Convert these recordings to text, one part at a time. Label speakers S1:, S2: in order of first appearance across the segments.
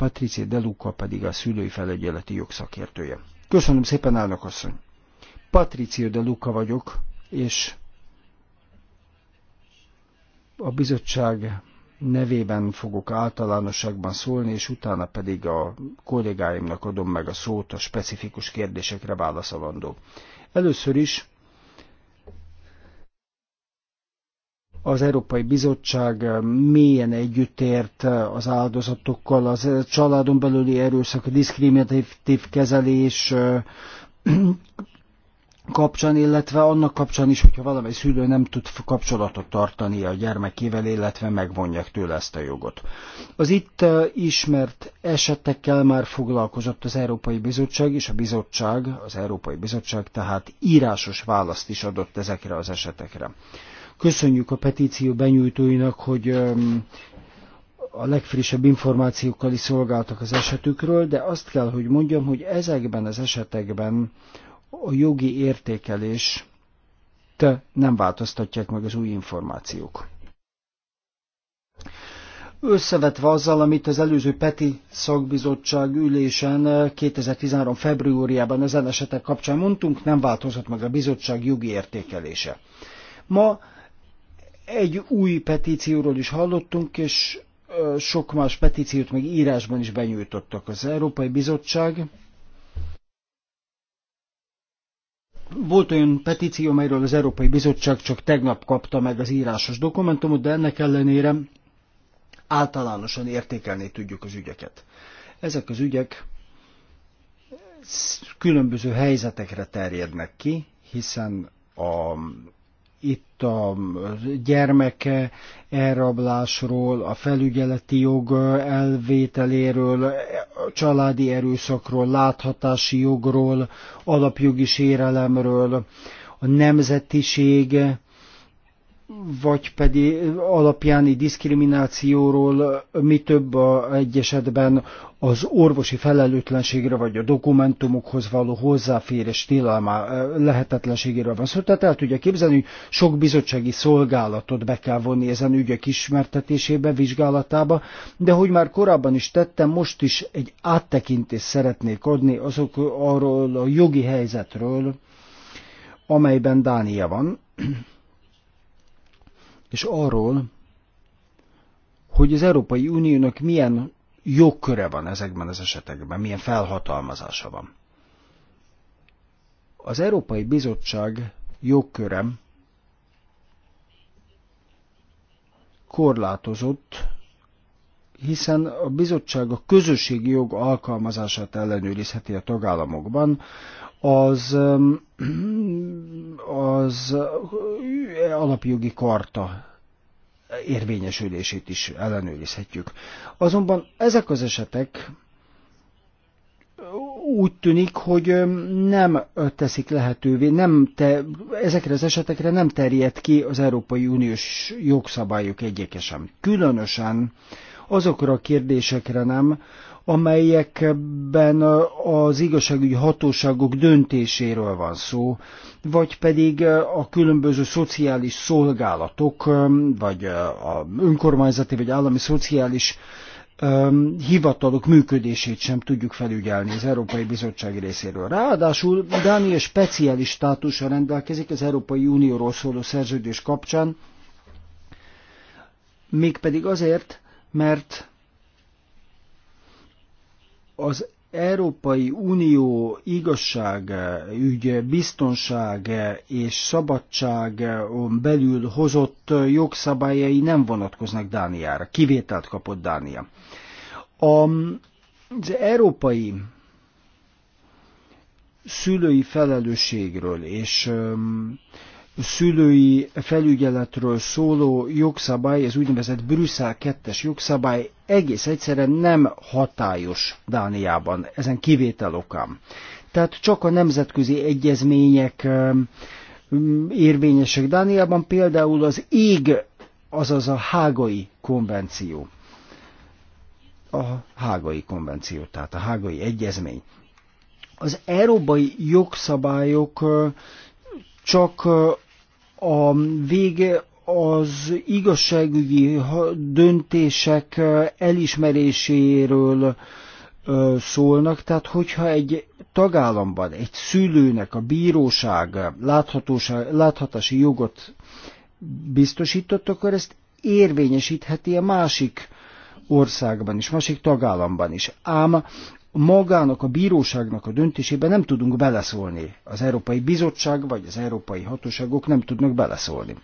S1: Patricia Deluca pedig a szülői felügyeleti jogszakértője. Köszönöm szépen, állnak asszony! Patricia Deluca vagyok, és a bizottság nevében fogok általánosságban szólni, és utána pedig a kollégáimnak adom meg a szót a specifikus kérdésekre válaszolandó. Először is az Európai Bizottság mélyen együttért az áldozatokkal, az családon belüli erőszak, a diszkriminatív kezelés kapcsán, illetve annak kapcsán is, hogyha valamely szülő nem tud kapcsolatot tartani a gyermekével, illetve megvonják tőle ezt a jogot. Az itt ismert esetekkel már foglalkozott az Európai Bizottság, és a bizottság, az Európai Bizottság tehát írásos választ is adott ezekre az esetekre. Köszönjük a petíció benyújtóinak, hogy a legfrissebb információkkal is szolgáltak az esetükről, de azt kell, hogy mondjam, hogy ezekben az esetekben a jogi értékelés nem változtatják meg az új információk. Összevetve azzal, amit az előző PETI szakbizottság ülésen 2013. februárjában ezen esetek kapcsán mondtunk, nem változott meg a bizottság jogi értékelése. Ma egy új petícióról is hallottunk, és sok más petíciót meg írásban is benyújtottak az Európai Bizottság. Volt olyan petíció, amelyről az Európai Bizottság csak tegnap kapta meg az írásos dokumentumot, de ennek ellenére általánosan értékelni tudjuk az ügyeket. Ezek az ügyek különböző helyzetekre terjednek ki, hiszen a itt a gyermeke elrablásról, a felügyeleti jog elvételéről, a családi erőszakról, láthatási jogról, alapjogi sérelemről, a nemzetiség vagy pedig alapjáni diszkriminációról, mi több a, egy esetben az orvosi felelőtlenségre, vagy a dokumentumokhoz való hozzáférés tilalmá lehetetlenségéről van szó. Szóval, tehát el tudja képzelni, hogy sok bizottsági szolgálatot be kell vonni ezen ügyek ismertetésébe, vizsgálatába, de hogy már korábban is tettem, most is egy áttekintést szeretnék adni azok arról a jogi helyzetről, amelyben Dánia van és arról, hogy az Európai Uniónak milyen jogköre van ezekben az esetekben, milyen felhatalmazása van. Az Európai Bizottság jogköre korlátozott, hiszen a bizottság a közösségi jog alkalmazását ellenőrizheti a tagállamokban, az, az alapjogi karta érvényesülését is ellenőrizhetjük. Azonban ezek az esetek úgy tűnik, hogy nem teszik lehetővé, nem te, ezekre az esetekre nem terjed ki az Európai Uniós jogszabályok egyike sem. Különösen azokra a kérdésekre nem, amelyekben az igazságügyi hatóságok döntéséről van szó, vagy pedig a különböző szociális szolgálatok, vagy a önkormányzati vagy állami szociális hivatalok működését sem tudjuk felügyelni az Európai Bizottság részéről. Ráadásul Dánia speciális státusa rendelkezik az Európai Unióról szóló szerződés kapcsán, mégpedig azért, mert az Európai Unió igazság, ügy, biztonság és szabadság belül hozott jogszabályai nem vonatkoznak Dániára. Kivételt kapott Dánia. Az európai szülői felelősségről és szülői felügyeletről szóló jogszabály, ez úgynevezett Brüsszel 2-es jogszabály egész egyszerűen nem hatályos Dániában, ezen kivétel okán. Tehát csak a nemzetközi egyezmények érvényesek Dániában, például az ég, azaz a hágai konvenció. A hágai konvenció, tehát a hágai egyezmény. Az európai jogszabályok csak a vége az igazságügyi döntések elismeréséről szólnak, tehát hogyha egy tagállamban egy szülőnek a bíróság láthatási jogot biztosított, akkor ezt érvényesítheti a másik országban is, másik tagállamban is. Ám magának a bíróságnak a döntésében nem tudunk beleszólni. Az Európai Bizottság vagy az Európai Hatóságok nem tudnak beleszólni.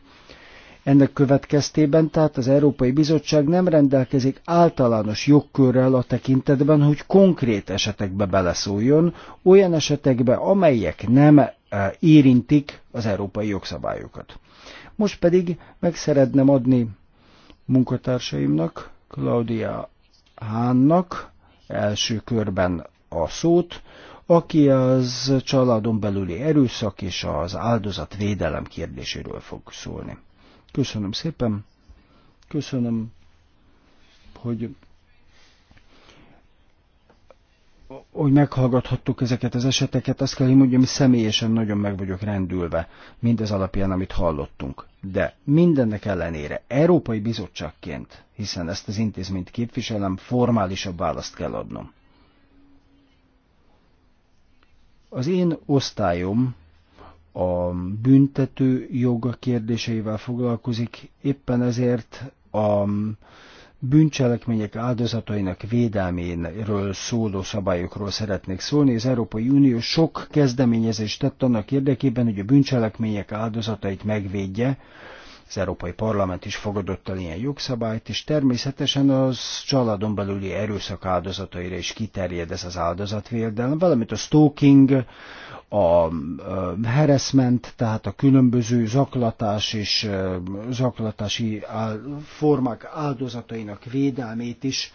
S1: Ennek következtében tehát az Európai Bizottság nem rendelkezik általános jogkörrel a tekintetben, hogy konkrét esetekbe beleszóljon, olyan esetekbe, amelyek nem e, érintik az európai jogszabályokat. Most pedig meg szeretném adni munkatársaimnak, Claudia Hánnak első körben a szót, aki az családon belüli erőszak és az áldozatvédelem kérdéséről fog szólni. Köszönöm szépen. Köszönöm, hogy hogy meghallgathattuk ezeket az eseteket, azt kell, hogy mondjam, hogy személyesen nagyon meg vagyok rendülve mindez alapján, amit hallottunk. De mindennek ellenére Európai Bizottságként, hiszen ezt az intézményt képviselem, formálisabb választ kell adnom. Az én osztályom a büntető joga kérdéseivel foglalkozik, éppen ezért a bűncselekmények áldozatainak védelméről szóló szabályokról szeretnék szólni. Az Európai Unió sok kezdeményezést tett annak érdekében, hogy a bűncselekmények áldozatait megvédje. Az Európai Parlament is fogadott el ilyen jogszabályt, és természetesen az családon belüli erőszak áldozataira is kiterjed ez az áldozatvédelem, valamint a stalking, a harassment, tehát a különböző zaklatás és zaklatási formák áldozatainak védelmét is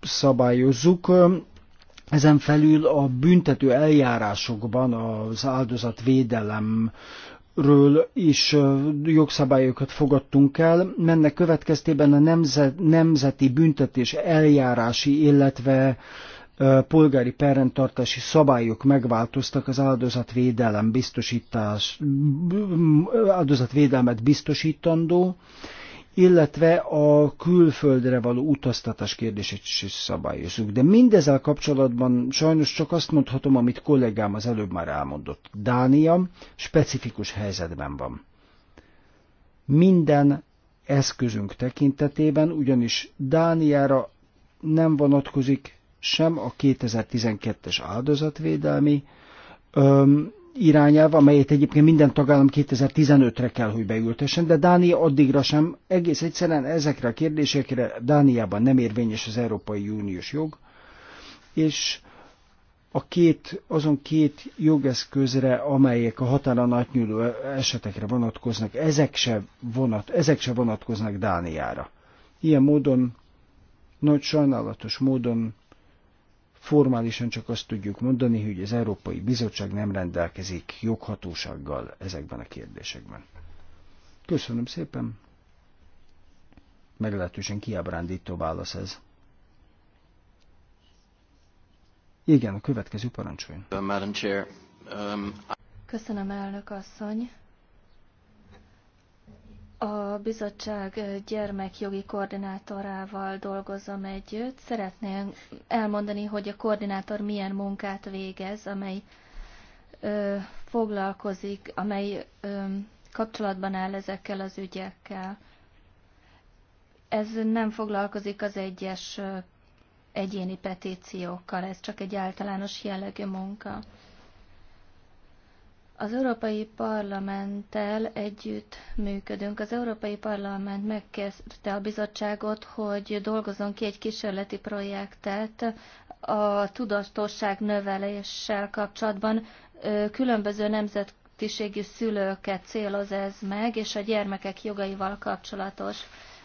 S1: szabályozzuk. Ezen felül a büntető eljárásokban az áldozatvédelem ről is jogszabályokat fogadtunk el, mennek következtében a nemzet, nemzeti büntetés eljárási, illetve polgári perrendtartási szabályok megváltoztak az áldozatvédelem biztosítás, áldozatvédelmet biztosítandó, illetve a külföldre való utaztatás kérdését is szabályozunk. De mindezzel kapcsolatban sajnos csak azt mondhatom, amit kollégám az előbb már elmondott. Dánia specifikus helyzetben van. Minden eszközünk tekintetében, ugyanis Dániára nem vonatkozik sem a 2012-es áldozatvédelmi öm, irányelv, amelyet egyébként minden tagállam 2015-re kell, hogy beültessen, de Dánia addigra sem, egész egyszerűen ezekre a kérdésekre Dániában nem érvényes az Európai Uniós jog, és a két, azon két jogeszközre, amelyek a határon átnyúló esetekre vonatkoznak, ezek se, vonat, ezek se vonatkoznak Dániára. Ilyen módon, nagy sajnálatos módon Formálisan csak azt tudjuk mondani, hogy az Európai Bizottság nem rendelkezik joghatósággal ezekben a kérdésekben. Köszönöm szépen. Meglehetősen kiábrándító válasz ez. Igen, a következő parancsoljon.
S2: Um,
S3: Köszönöm, elnök asszony a bizottság gyermekjogi koordinátorával dolgozom együtt. Szeretném elmondani, hogy a koordinátor milyen munkát végez, amely ö, foglalkozik, amely ö, kapcsolatban áll ezekkel az ügyekkel. Ez nem foglalkozik az egyes ö, egyéni petíciókkal, ez csak egy általános jellegű munka. Az Európai Parlamenttel együtt működünk. Az Európai Parlament megkezdte a bizottságot, hogy dolgozzon ki egy kísérleti projektet a tudatosság növeléssel kapcsolatban. Különböző nemzetiségű szülőket céloz ez meg, és a gyermekek jogaival kapcsolatos.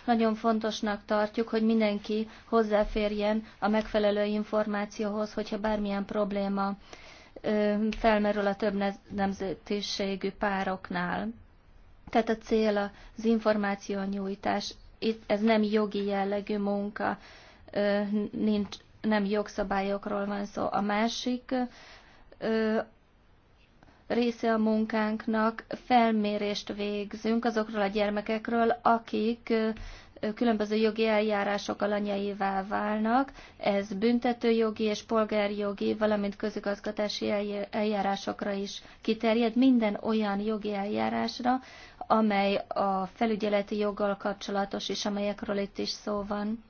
S3: Nagyon fontosnak tartjuk, hogy mindenki hozzáférjen a megfelelő információhoz, hogyha bármilyen probléma felmerül a több nemzetiségű pároknál. Tehát a cél az információnyújtás, ez nem jogi jellegű munka, nincs, nem jogszabályokról van szó. A másik része a munkánknak felmérést végzünk azokról a gyermekekről, akik különböző jogi eljárások alanyaivá válnak, ez büntetőjogi és polgárjogi, valamint közigazgatási eljárásokra is kiterjed, minden olyan jogi eljárásra, amely a felügyeleti joggal kapcsolatos is, amelyekről itt is szó van.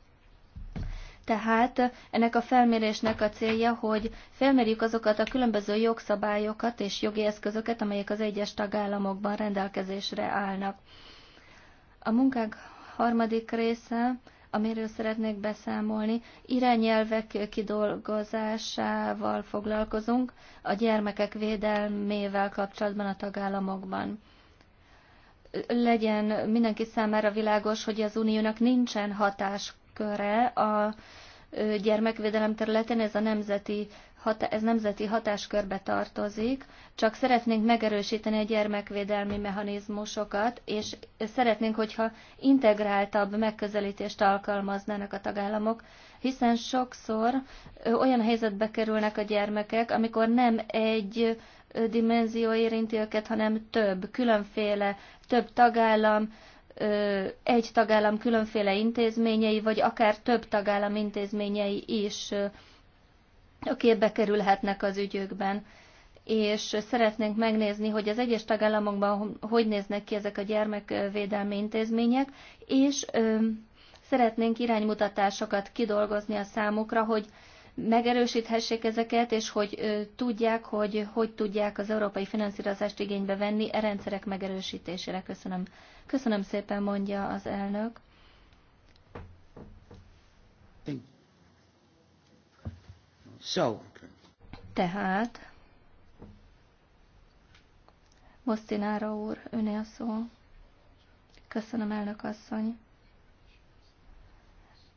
S3: Tehát ennek a felmérésnek a célja, hogy felmérjük azokat a különböző jogszabályokat és jogi eszközöket, amelyek az egyes tagállamokban rendelkezésre állnak. A munkánk harmadik része, amiről szeretnék beszámolni, irányelvek kidolgozásával foglalkozunk a gyermekek védelmével kapcsolatban a tagállamokban. Legyen mindenki számára világos, hogy az uniónak nincsen hatásköre a gyermekvédelem területén, ez a nemzeti ez nemzeti hatáskörbe tartozik, csak szeretnénk megerősíteni a gyermekvédelmi mechanizmusokat, és szeretnénk, hogyha integráltabb megközelítést alkalmaznának a tagállamok, hiszen sokszor olyan helyzetbe kerülnek a gyermekek, amikor nem egy dimenzió érinti őket, hanem több, különféle, több tagállam, egy tagállam különféle intézményei, vagy akár több tagállam intézményei is a képbe kerülhetnek az ügyökben, és szeretnénk megnézni, hogy az egyes tagállamokban hogy néznek ki ezek a gyermekvédelmi intézmények, és ö, szeretnénk iránymutatásokat kidolgozni a számukra, hogy megerősíthessék ezeket, és hogy ö, tudják, hogy hogy tudják az európai finanszírozást igénybe venni e rendszerek megerősítésére. Köszönöm. Köszönöm szépen, mondja az elnök. Thank So. Tehát, Bosztinára úr, öné a szó. Köszönöm, elnök asszony.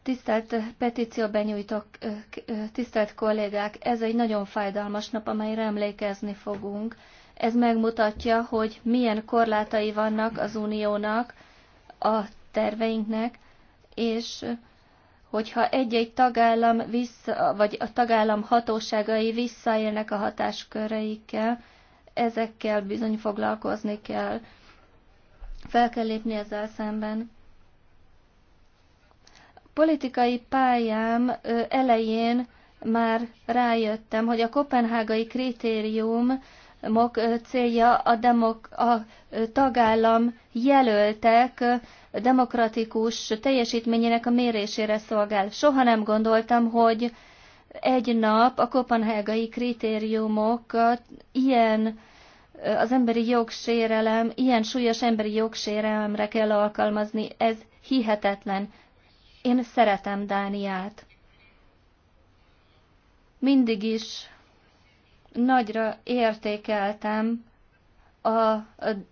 S3: Tisztelt petíció benyújtok, tisztelt kollégák, ez egy nagyon fájdalmas nap, amelyre emlékezni fogunk. Ez megmutatja, hogy milyen korlátai vannak az uniónak, a terveinknek, és hogyha egy-egy tagállam vissza, vagy a tagállam hatóságai visszaélnek a hatásköreikkel, ezekkel bizony foglalkozni kell. Fel kell lépni ezzel szemben. Politikai pályám elején már rájöttem, hogy a kopenhágai kritérium célja a, demok, a tagállam jelöltek demokratikus teljesítményének a mérésére szolgál. Soha nem gondoltam, hogy egy nap a kopenhágai kritériumokat ilyen az emberi jogsérelem, ilyen súlyos emberi jogsérelemre kell alkalmazni. Ez hihetetlen. Én szeretem Dániát. Mindig is nagyra értékeltem a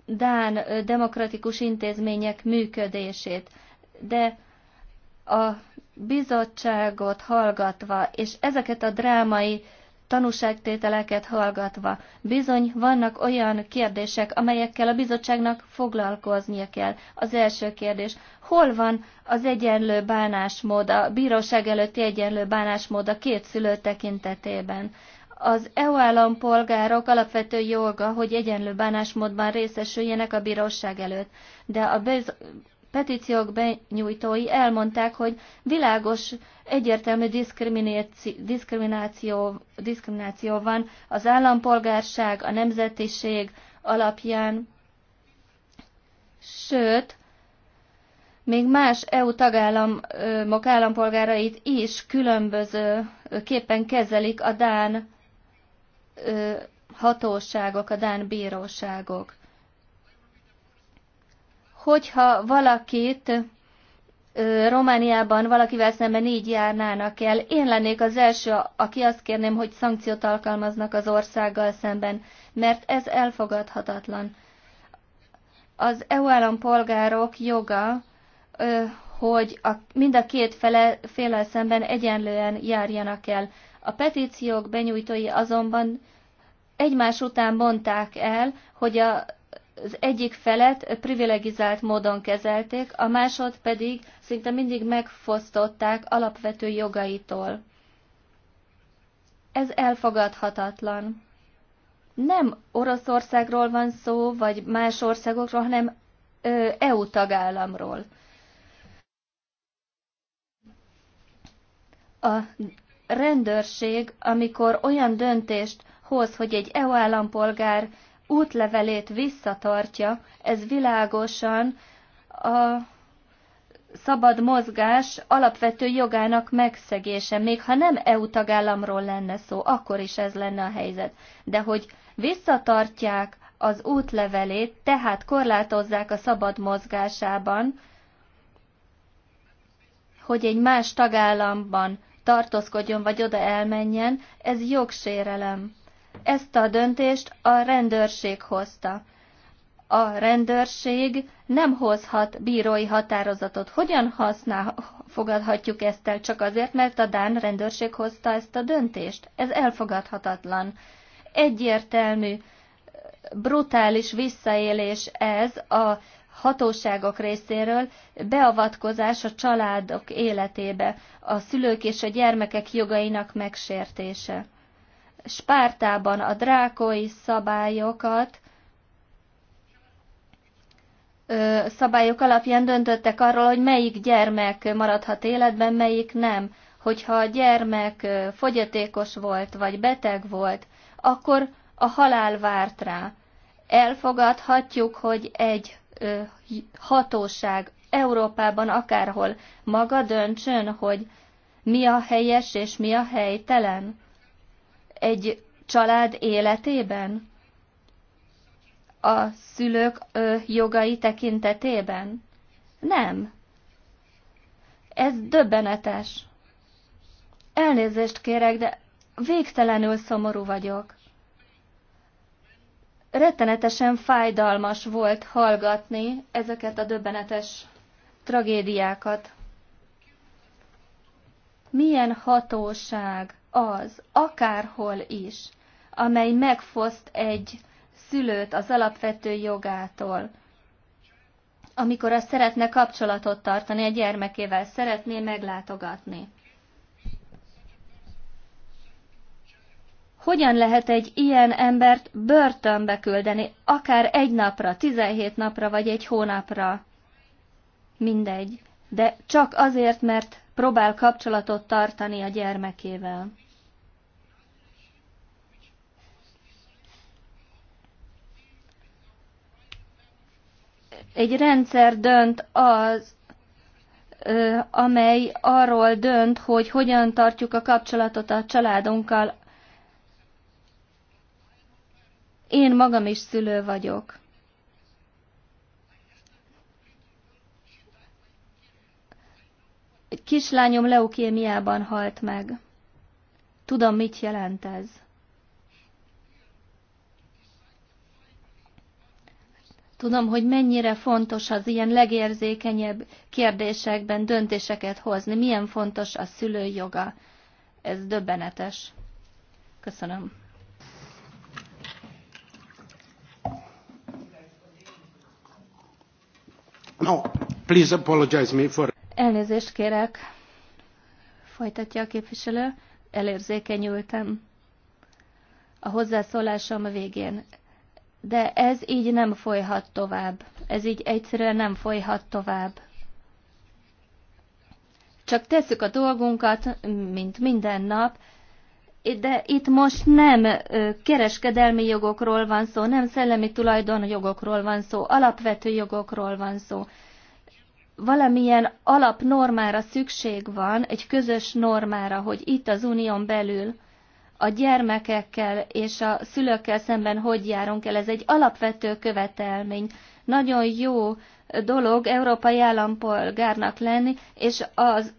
S3: Dán demokratikus intézmények működését. De a bizottságot hallgatva, és ezeket a drámai tanúságtételeket hallgatva, bizony vannak olyan kérdések, amelyekkel a bizottságnak foglalkoznia kell. Az első kérdés, hol van az egyenlő bánásmód, a bíróság előtti egyenlő bánásmód a két szülő tekintetében? az EU állampolgárok alapvető joga, hogy egyenlő bánásmódban részesüljenek a bíróság előtt, de a bez petíciók benyújtói elmondták, hogy világos, egyértelmű diszkrimináció, diszkrimináció van az állampolgárság, a nemzetiség alapján, sőt, még más EU tagállamok állampolgárait is különböző képpen kezelik a Dán hatóságok, a Dán bíróságok. Hogyha valakit Romániában valakivel szemben így járnának el, én lennék az első, aki azt kérném, hogy szankciót alkalmaznak az országgal szemben, mert ez elfogadhatatlan. Az EU állampolgárok joga, hogy a, mind a két fele, félel szemben egyenlően járjanak el. A petíciók benyújtói azonban egymás után mondták el, hogy a, az egyik felet privilegizált módon kezelték, a másod pedig szinte mindig megfosztották alapvető jogaitól. Ez elfogadhatatlan. Nem Oroszországról van szó, vagy más országokról, hanem ö, EU tagállamról. A rendőrség, amikor olyan döntést hoz, hogy egy EU állampolgár útlevelét visszatartja, ez világosan a szabad mozgás alapvető jogának megszegése, még ha nem EU tagállamról lenne szó, akkor is ez lenne a helyzet. De hogy visszatartják az útlevelét, tehát korlátozzák a szabad mozgásában, hogy egy más tagállamban tartózkodjon vagy oda elmenjen, ez jogsérelem. Ezt a döntést a rendőrség hozta. A rendőrség nem hozhat bírói határozatot. Hogyan használ, fogadhatjuk ezt el csak azért, mert a Dán rendőrség hozta ezt a döntést? Ez elfogadhatatlan. Egyértelmű brutális visszaélés ez a hatóságok részéről beavatkozás a családok életébe, a szülők és a gyermekek jogainak megsértése. Spártában a drákói szabályokat szabályok alapján döntöttek arról, hogy melyik gyermek maradhat életben, melyik nem. Hogyha a gyermek fogyatékos volt, vagy beteg volt, akkor a halál várt rá. Elfogadhatjuk, hogy egy hatóság Európában akárhol maga döntsön, hogy mi a helyes és mi a helytelen egy család életében, a szülők jogai tekintetében. Nem. Ez döbbenetes. Elnézést kérek, de végtelenül szomorú vagyok rettenetesen fájdalmas volt hallgatni ezeket a döbbenetes tragédiákat. Milyen hatóság az, akárhol is, amely megfoszt egy szülőt az alapvető jogától, amikor azt szeretne kapcsolatot tartani a gyermekével, szeretné meglátogatni. hogyan lehet egy ilyen embert börtönbe küldeni, akár egy napra, 17 napra vagy egy hónapra. Mindegy. De csak azért, mert próbál kapcsolatot tartani a gyermekével. Egy rendszer dönt az, amely arról dönt, hogy hogyan tartjuk a kapcsolatot a családunkkal, én magam is szülő vagyok. Egy kislányom leukémiában halt meg. Tudom, mit jelent ez. Tudom, hogy mennyire fontos az ilyen legérzékenyebb kérdésekben döntéseket hozni, milyen fontos a szülő joga. Ez döbbenetes. Köszönöm.
S1: No, please apologize me for...
S3: Elnézést kérek, folytatja a képviselő, elérzékenyültem a hozzászólásom a végén. De ez így nem folyhat tovább. Ez így egyszerűen nem folyhat tovább. Csak tesszük a dolgunkat, mint minden nap, de itt most nem kereskedelmi jogokról van szó, nem szellemi jogokról van szó, alapvető jogokról van szó. Valamilyen alapnormára szükség van, egy közös normára, hogy itt az unión belül a gyermekekkel és a szülőkkel szemben hogy járunk el. Ez egy alapvető követelmény nagyon jó dolog európai állampolgárnak lenni, és az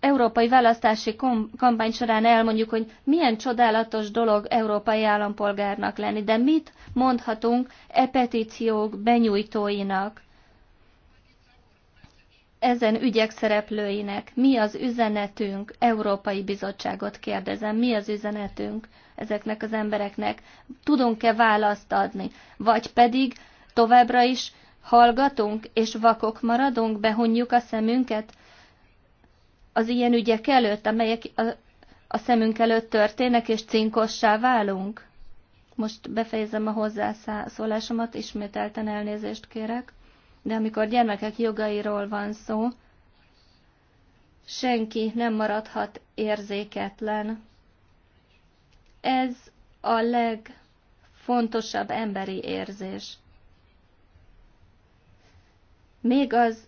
S3: európai választási kampány során elmondjuk, hogy milyen csodálatos dolog európai állampolgárnak lenni, de mit mondhatunk e petíciók benyújtóinak, ezen ügyek szereplőinek? Mi az üzenetünk? Európai Bizottságot kérdezem, mi az üzenetünk? ezeknek az embereknek tudunk-e választ adni, vagy pedig Továbbra is hallgatunk és vakok maradunk, behunjuk a szemünket az ilyen ügyek előtt, amelyek a, a szemünk előtt történnek, és cinkossá válunk. Most befejezem a hozzászólásomat, ismételten elnézést kérek, de amikor gyermekek jogairól van szó, senki nem maradhat érzéketlen. Ez a legfontosabb emberi érzés. Még az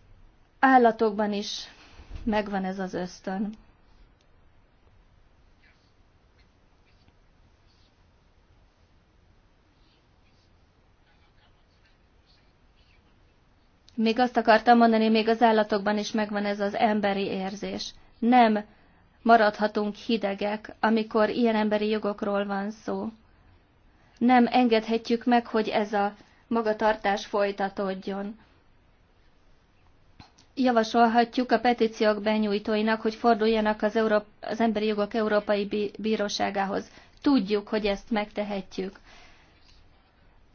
S3: állatokban is megvan ez az ösztön. Még azt akartam mondani, még az állatokban is megvan ez az emberi érzés. Nem maradhatunk hidegek, amikor ilyen emberi jogokról van szó. Nem engedhetjük meg, hogy ez a magatartás folytatódjon javasolhatjuk a petíciók benyújtóinak, hogy forduljanak az, Európ- az Emberi Jogok Európai Bíróságához. Tudjuk, hogy ezt megtehetjük.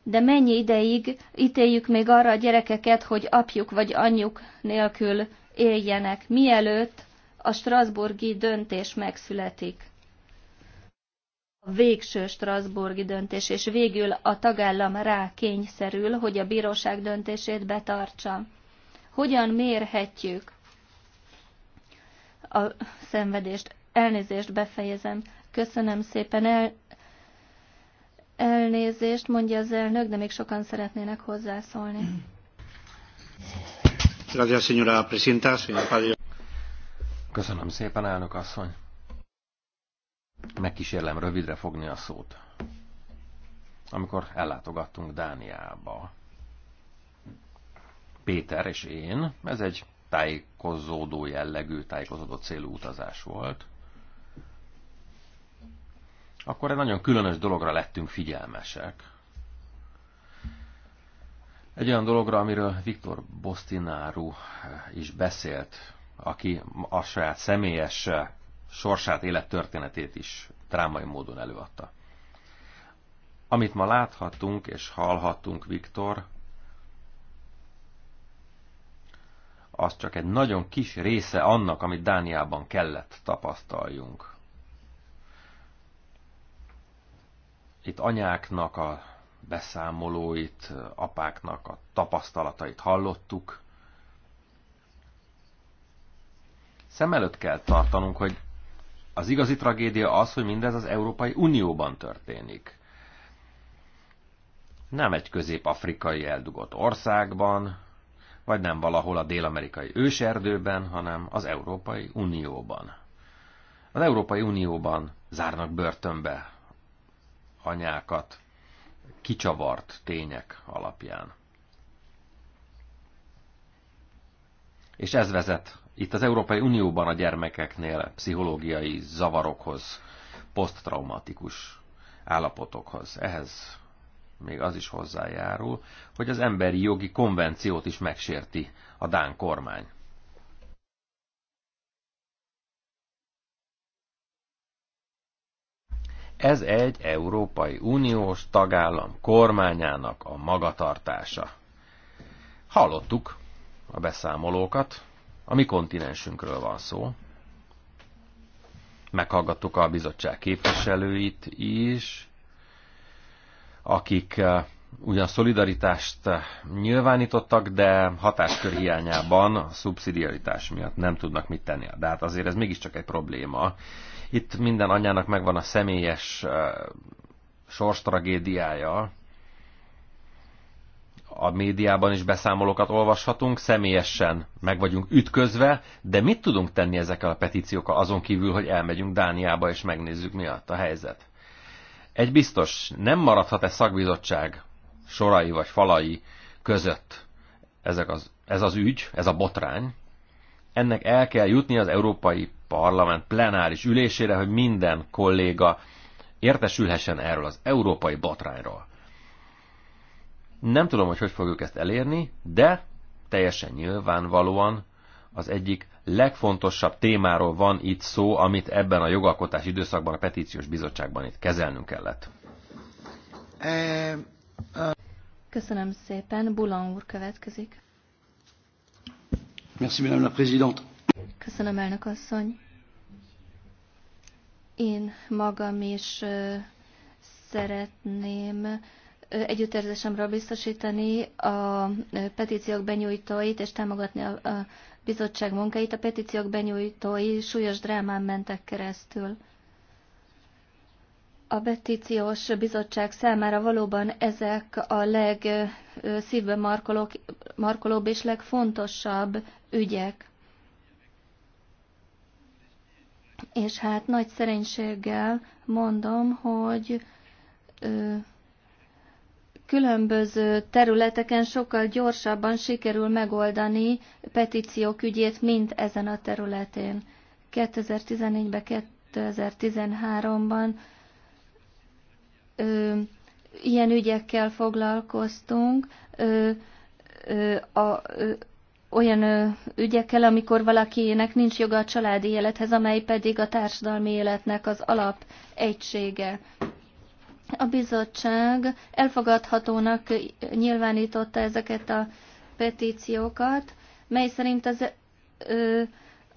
S3: De mennyi ideig ítéljük még arra a gyerekeket, hogy apjuk vagy anyjuk nélkül éljenek, mielőtt a strasburgi döntés megszületik? A végső strasburgi döntés, és végül a tagállam rá kényszerül, hogy a bíróság döntését betartsa hogyan mérhetjük a szenvedést. Elnézést befejezem. Köszönöm szépen. El, elnézést mondja az elnök, de még sokan szeretnének hozzászólni.
S2: Köszönöm szépen, elnök asszony. Megkísérlem rövidre fogni a szót. Amikor ellátogattunk Dániába, Péter és én. Ez egy tájékozódó jellegű, tájékozódó célú utazás volt. Akkor egy nagyon különös dologra lettünk figyelmesek. Egy olyan dologra, amiről Viktor Bostináru eh, is beszélt, aki a saját személyes eh, sorsát, élettörténetét is drámai módon előadta. Amit ma láthatunk és hallhatunk Viktor az csak egy nagyon kis része annak, amit Dániában kellett tapasztaljunk. Itt anyáknak a beszámolóit, apáknak a tapasztalatait hallottuk. Szem előtt kell tartanunk, hogy az igazi tragédia az, hogy mindez az Európai Unióban történik. Nem egy közép-afrikai eldugott országban, vagy nem valahol a dél-amerikai őserdőben, hanem az Európai Unióban. Az Európai Unióban zárnak börtönbe anyákat kicsavart tények alapján. És ez vezet itt az Európai Unióban a gyermekeknél pszichológiai zavarokhoz, poszttraumatikus állapotokhoz. Ehhez még az is hozzájárul, hogy az emberi jogi konvenciót is megsérti a Dán kormány. Ez egy Európai Uniós tagállam kormányának a magatartása. Hallottuk a beszámolókat, a mi kontinensünkről van szó. Meghallgattuk a bizottság képviselőit is, akik eh, ugyan szolidaritást eh, nyilvánítottak, de hatáskör hiányában a szubszidiaritás miatt nem tudnak mit tenni. De hát azért ez mégiscsak egy probléma. Itt minden anyának megvan a személyes eh, sorstragédiája, a médiában is beszámolókat olvashatunk, személyesen meg vagyunk ütközve, de mit tudunk tenni ezekkel a petíciókkal azon kívül, hogy elmegyünk Dániába és megnézzük mi a helyzet? Egy biztos, nem maradhat-e szakbizottság sorai vagy falai között ezek az, ez az ügy, ez a botrány, ennek el kell jutni az Európai Parlament plenáris ülésére, hogy minden kolléga értesülhessen erről az európai botrányról. Nem tudom, hogy hogy fogjuk ezt elérni, de teljesen nyilvánvalóan az egyik legfontosabb témáról van itt szó, amit ebben a jogalkotás időszakban a petíciós bizottságban itt kezelnünk kellett.
S1: Eh,
S3: Köszönöm szépen. Bulan úr következik.
S1: Merci, Madame la Présidente.
S3: Köszönöm, elnök asszony. Én magam is szeretném együttérzésemről biztosítani a petíciók benyújtóit és támogatni a, a bizottság munkáit. A petíciók benyújtói súlyos drámán mentek keresztül. A petíciós bizottság számára valóban ezek a legszívbe markolók, markolóbb és legfontosabb ügyek. És hát nagy szerénységgel mondom, hogy ö, különböző területeken sokkal gyorsabban sikerül megoldani petíciók ügyét, mint ezen a területén. 2014-ben, 2013-ban ilyen ügyekkel foglalkoztunk, ö, ö, a, ö, olyan ö, ügyekkel, amikor valakinek nincs joga a családi élethez, amely pedig a társadalmi életnek az alap egysége. A bizottság elfogadhatónak nyilvánította ezeket a petíciókat, mely szerint az, ö,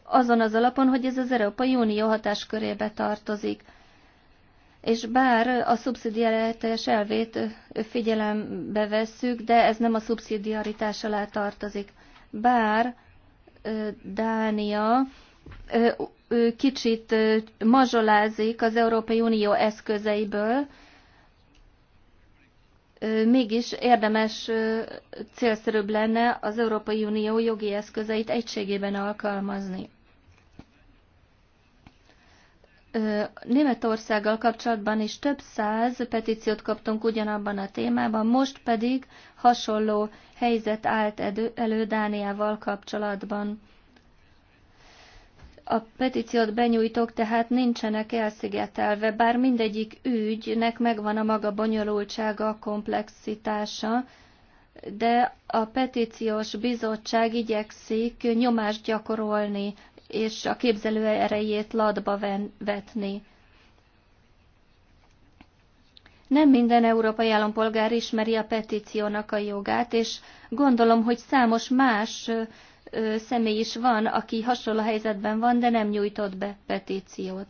S3: azon az alapon, hogy ez az Európai Unió hatáskörébe tartozik. És bár a szubszidiaritás elvét figyelembe vesszük, de ez nem a szubszidiaritás alá tartozik. Bár ö, Dánia ö, kicsit mazsolázik az Európai Unió eszközeiből, mégis érdemes célszerűbb lenne az Európai Unió jogi eszközeit egységében alkalmazni. Németországgal kapcsolatban is több száz petíciót kaptunk ugyanabban a témában, most pedig hasonló helyzet állt elő Dániával kapcsolatban. A petíciót benyújtók tehát nincsenek elszigetelve, bár mindegyik ügynek megvan a maga bonyolultsága, komplexitása, de a petíciós bizottság igyekszik nyomást gyakorolni, és a képzelő erejét latba vetni. Nem minden európai állampolgár ismeri a petíciónak a jogát, és gondolom, hogy számos más személy is van, aki hasonló helyzetben van, de nem nyújtott be petíciót.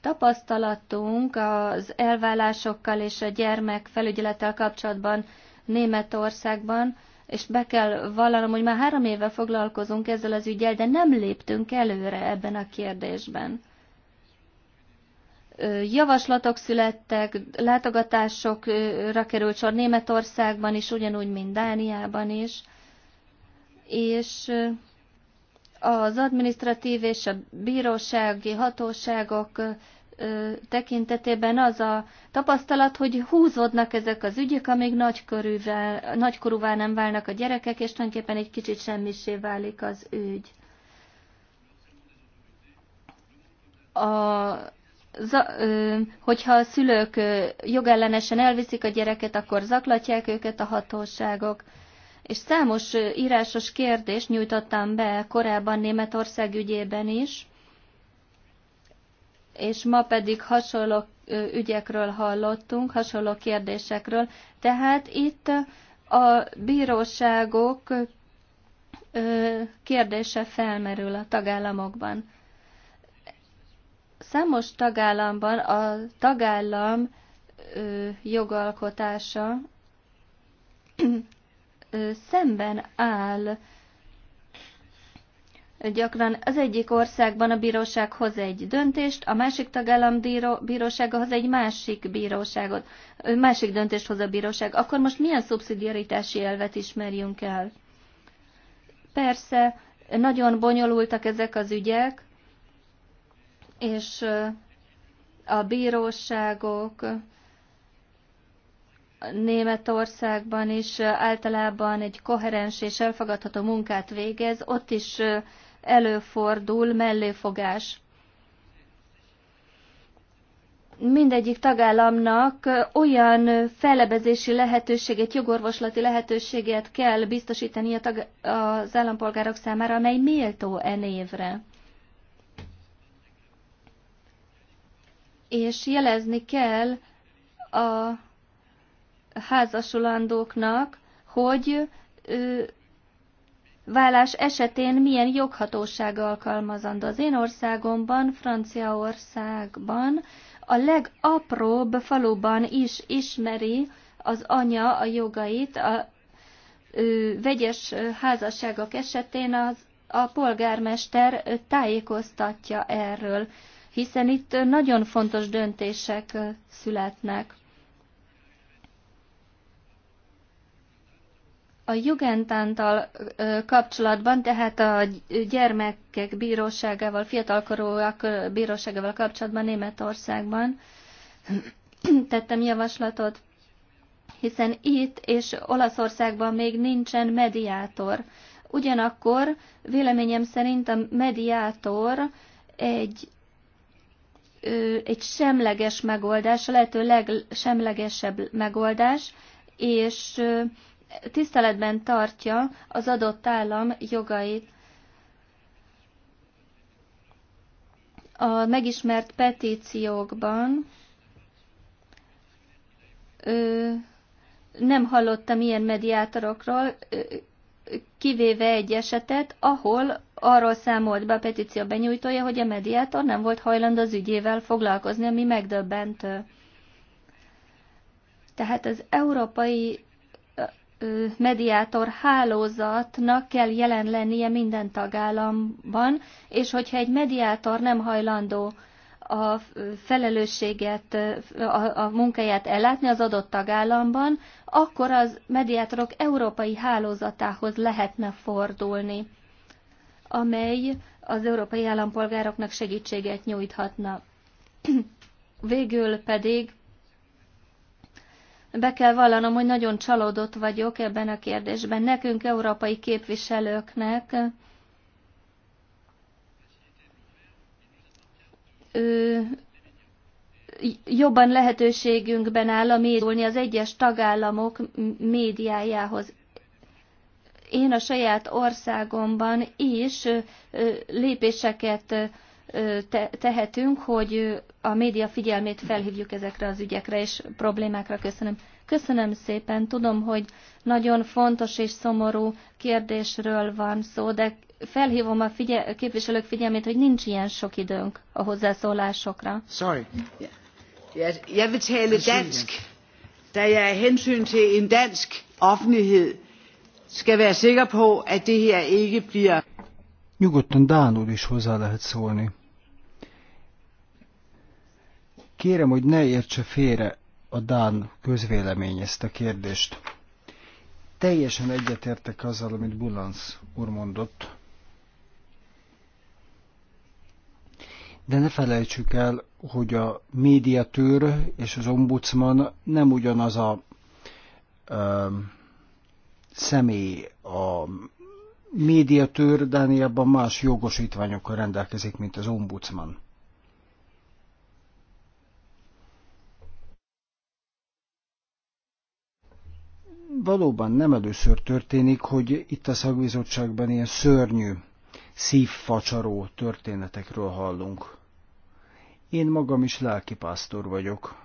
S3: Tapasztalatunk az elvállásokkal és a gyermek felügyelettel kapcsolatban Németországban, és be kell vallanom, hogy már három éve foglalkozunk ezzel az ügyel, de nem léptünk előre ebben a kérdésben. Javaslatok születtek, látogatásokra került sor Németországban is, ugyanúgy, mint Dániában is és az administratív és a bírósági hatóságok tekintetében az a tapasztalat, hogy húzódnak ezek az ügyek, amíg nagykorúvá, nem válnak a gyerekek, és tulajdonképpen egy kicsit semmisé válik az ügy. A, hogyha a szülők jogellenesen elviszik a gyereket, akkor zaklatják őket a hatóságok és számos írásos kérdést nyújtottam be korábban Németország ügyében is, és ma pedig hasonló ügyekről hallottunk, hasonló kérdésekről. Tehát itt a bíróságok kérdése felmerül a tagállamokban. Számos tagállamban a tagállam jogalkotása szemben áll Gyakran az egyik országban a bíróság hoz egy döntést, a másik tagállam bírósága hoz egy másik bíróságot, másik döntést hoz a bíróság. Akkor most milyen szubszidiaritási elvet ismerjünk el? Persze, nagyon bonyolultak ezek az ügyek, és a bíróságok Németországban is általában egy koherens és elfogadható munkát végez, ott is előfordul melléfogás. Mindegyik tagállamnak olyan fellebezési lehetőséget, jogorvoslati lehetőséget kell biztosítani a tag- az állampolgárok számára, amely méltó e névre. És jelezni kell a házasulandóknak, hogy ö, vállás esetén milyen joghatóság alkalmazandó. Az én országomban, Franciaországban a legapróbb faluban is ismeri az anya a jogait a ö, vegyes házasságok esetén az, a polgármester tájékoztatja erről, hiszen itt nagyon fontos döntések születnek. A jugendántal kapcsolatban, tehát a gyermekek bíróságával, fiatalkorúak bíróságával kapcsolatban Németországban tettem javaslatot, hiszen itt és Olaszországban még nincsen mediátor. Ugyanakkor véleményem szerint a mediátor egy, egy semleges megoldás, a lehető legsemlegesebb megoldás, és tiszteletben tartja az adott állam jogait. A megismert petíciókban ö, nem hallottam ilyen mediátorokról, ö, kivéve egy esetet, ahol arról számolt be a petíció benyújtója, hogy a mediátor nem volt hajlandó az ügyével foglalkozni, ami megdöbbentő. Tehát az Európai mediátor hálózatnak kell jelen lennie minden tagállamban, és hogyha egy mediátor nem hajlandó a felelősséget, a, a munkáját ellátni az adott tagállamban, akkor az mediátorok európai hálózatához lehetne fordulni, amely az európai állampolgároknak segítséget nyújthatna. Végül pedig be kell vallanom, hogy nagyon csalódott vagyok ebben a kérdésben. Nekünk, európai képviselőknek, ö, jobban lehetőségünkben áll a médiulni az egyes tagállamok médiájához. Én a saját országomban is lépéseket tehetünk, hogy a média figyelmét felhívjuk ezekre az ügyekre és problémákra. Köszönöm. Köszönöm szépen. Tudom, hogy nagyon fontos és szomorú kérdésről van szó, de felhívom a a képviselők figyelmét, hogy nincs ilyen sok időnk a hozzászólásokra.
S1: Sorry. Jeg vil tale dansk, da jeg af hensyn til en dansk offentlighed skal være sikker på, at det her ikke bliver... Nyugodtan Dánul is hozzá lehet szólni. Kérem, hogy ne értse félre a Dán közvélemény ezt a kérdést. Teljesen egyetértek azzal, amit Bulansz úr mondott. De ne felejtsük el, hogy a médiatőr és az ombudsman nem ugyanaz a ö, személy, a médiatőr Dániában más jogosítványokkal rendelkezik, mint az ombudsman. valóban nem először történik, hogy itt a szakbizottságban ilyen szörnyű, szívfacsaró történetekről hallunk. Én magam is lelkipásztor vagyok.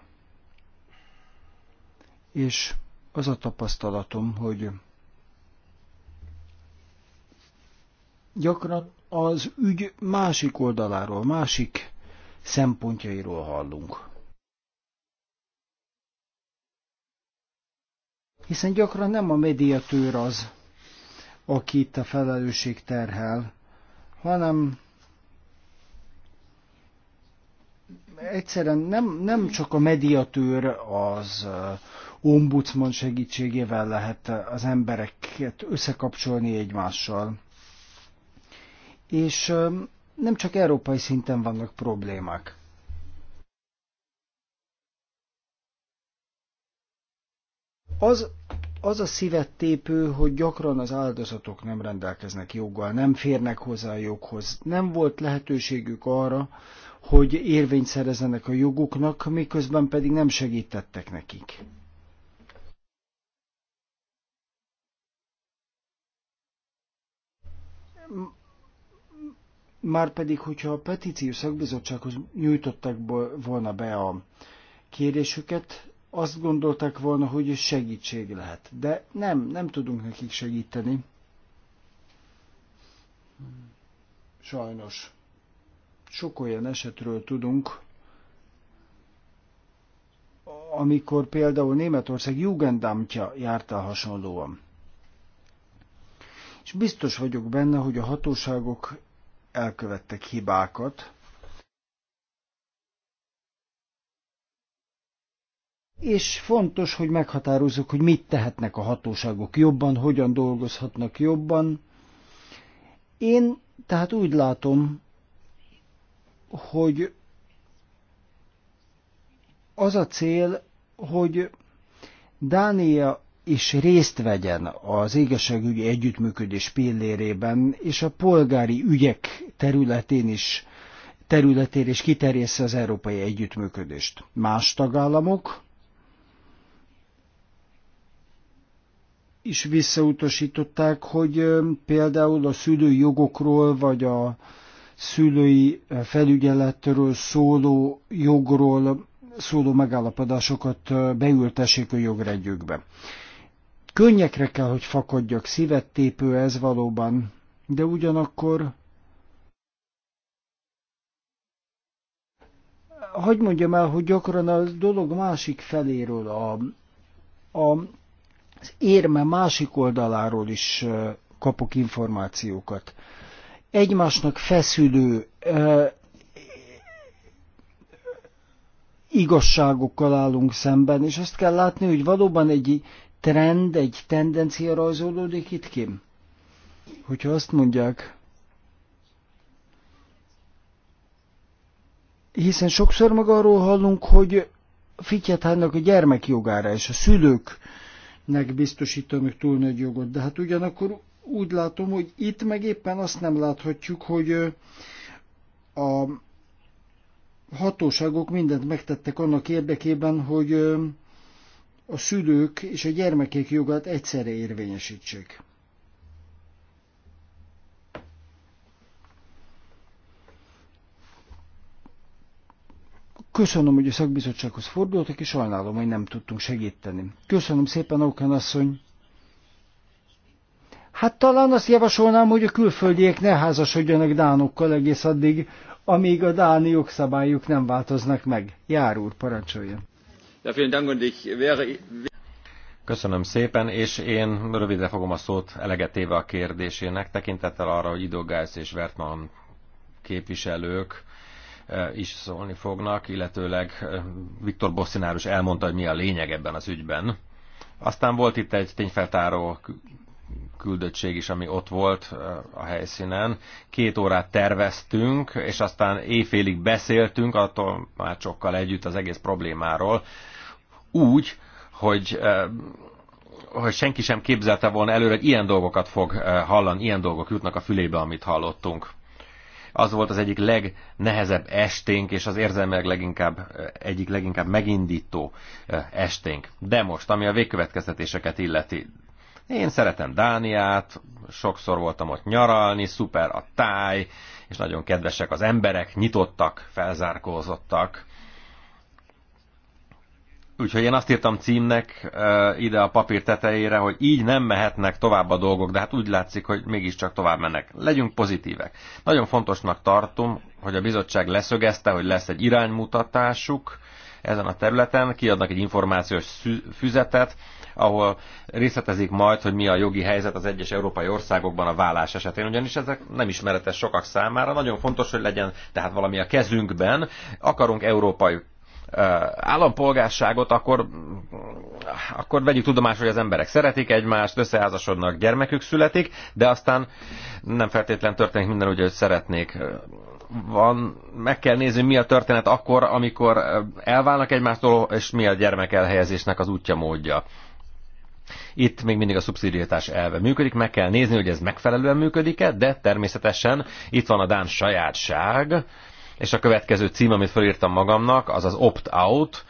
S1: És az a tapasztalatom, hogy gyakran az ügy másik oldaláról, másik szempontjairól hallunk. hiszen gyakran nem a mediatőr az, aki itt a felelősség terhel, hanem egyszerűen nem, nem csak a mediatőr az ombudsman segítségével lehet az embereket összekapcsolni egymással. És nem csak európai szinten vannak problémák. Az, az a szívet tépő, hogy gyakran az áldozatok nem rendelkeznek joggal, nem férnek hozzá a joghoz. Nem volt lehetőségük arra, hogy érvényt szerezzenek a joguknak, miközben pedig nem segítettek nekik. Márpedig, hogyha a petíciós szakbizottsághoz nyújtottak volna be a kérésüket, azt gondolták volna, hogy ez segítség lehet. De nem, nem tudunk nekik segíteni. Sajnos. Sok olyan esetről tudunk, amikor például Németország Jugendamtja járt el hasonlóan. És biztos vagyok benne, hogy a hatóságok elkövettek hibákat, és fontos, hogy meghatározzuk, hogy mit tehetnek a hatóságok jobban, hogyan dolgozhatnak jobban. Én tehát úgy látom, hogy az a cél, hogy Dánia is részt vegyen az égeségügyi együttműködés pillérében, és a polgári ügyek területén is területére is kiterjessze az európai együttműködést. Más tagállamok is visszautasították, hogy például a szülői jogokról vagy a szülői felügyeletről szóló jogról szóló megállapodásokat beültessék a jogrendjükbe. Könnyekre kell, hogy fakadjak, szívettépő ez valóban, de ugyanakkor hogy mondjam el, hogy gyakran a dolog másik feléről, a, a az érme másik oldaláról is kapok információkat. Egymásnak feszülő igazságokkal állunk szemben, és azt kell látni, hogy valóban egy trend, egy tendencia rajzolódik itt ki. Hogyha azt mondják, hiszen sokszor meg arról hallunk, hogy fityet a gyermekjogára és a szülők nek biztosítanak túl nagy jogot. De hát ugyanakkor úgy látom, hogy itt meg éppen azt nem láthatjuk, hogy a hatóságok mindent megtettek annak érdekében, hogy a szülők és a gyermekek jogát egyszerre érvényesítsék. Köszönöm, hogy a szakbizottsághoz fordultak, és sajnálom, hogy nem tudtunk segíteni. Köszönöm szépen, Auken asszony. Hát talán azt javasolnám, hogy a külföldiek ne házasodjanak dánokkal egész addig, amíg a dáni jogszabályok nem változnak meg. Jár úr, parancsoljon.
S2: Köszönöm szépen, és én rövidre fogom a szót elegetéve a kérdésének, tekintettel arra, hogy Idogász és Vertman képviselők Eh, is szólni fognak, illetőleg eh, Viktor Bosszinárus elmondta, hogy mi a lényeg ebben az ügyben. Aztán volt itt egy tényfeltáró küldöttség is, ami ott volt eh, a helyszínen. Két órát terveztünk, és aztán éjfélig beszéltünk attól már sokkal együtt az egész problémáról. Úgy, hogy hogy senki sem képzelte volna előre, hogy ilyen dolgokat fog hallani, ilyen dolgok jutnak a fülébe, amit hallottunk. Az volt az egyik legnehezebb esténk, és az érzelmek leginkább, egyik leginkább megindító esténk. De most, ami a végkövetkeztetéseket illeti, én szeretem Dániát, sokszor voltam ott nyaralni, szuper a táj, és nagyon kedvesek az emberek, nyitottak, felzárkózottak. Úgyhogy én azt írtam címnek ide a papír tetejére, hogy így nem mehetnek tovább a dolgok, de hát úgy látszik, hogy mégiscsak tovább mennek. Legyünk pozitívek. Nagyon fontosnak tartom, hogy a bizottság leszögezte, hogy lesz egy iránymutatásuk ezen a területen, kiadnak egy információs füzetet, ahol részletezik majd, hogy mi a jogi helyzet az egyes európai országokban a vállás esetén, ugyanis ezek nem ismeretes sokak számára. Nagyon fontos, hogy legyen tehát valami a kezünkben. Akarunk európai állampolgárságot, akkor, akkor vegyük tudomásra, hogy az emberek szeretik egymást, összeházasodnak, gyermekük születik, de aztán nem feltétlen történik minden úgy, hogy szeretnék. Van, meg kell nézni, mi a történet akkor, amikor elválnak egymástól, és mi a gyermek elhelyezésnek az útja módja. Itt még mindig a szubszidiatás elve működik, meg kell nézni, hogy ez megfelelően működik-e, de természetesen itt van a Dán sajátság, és a következő cím, amit felírtam magamnak, az az opt-out.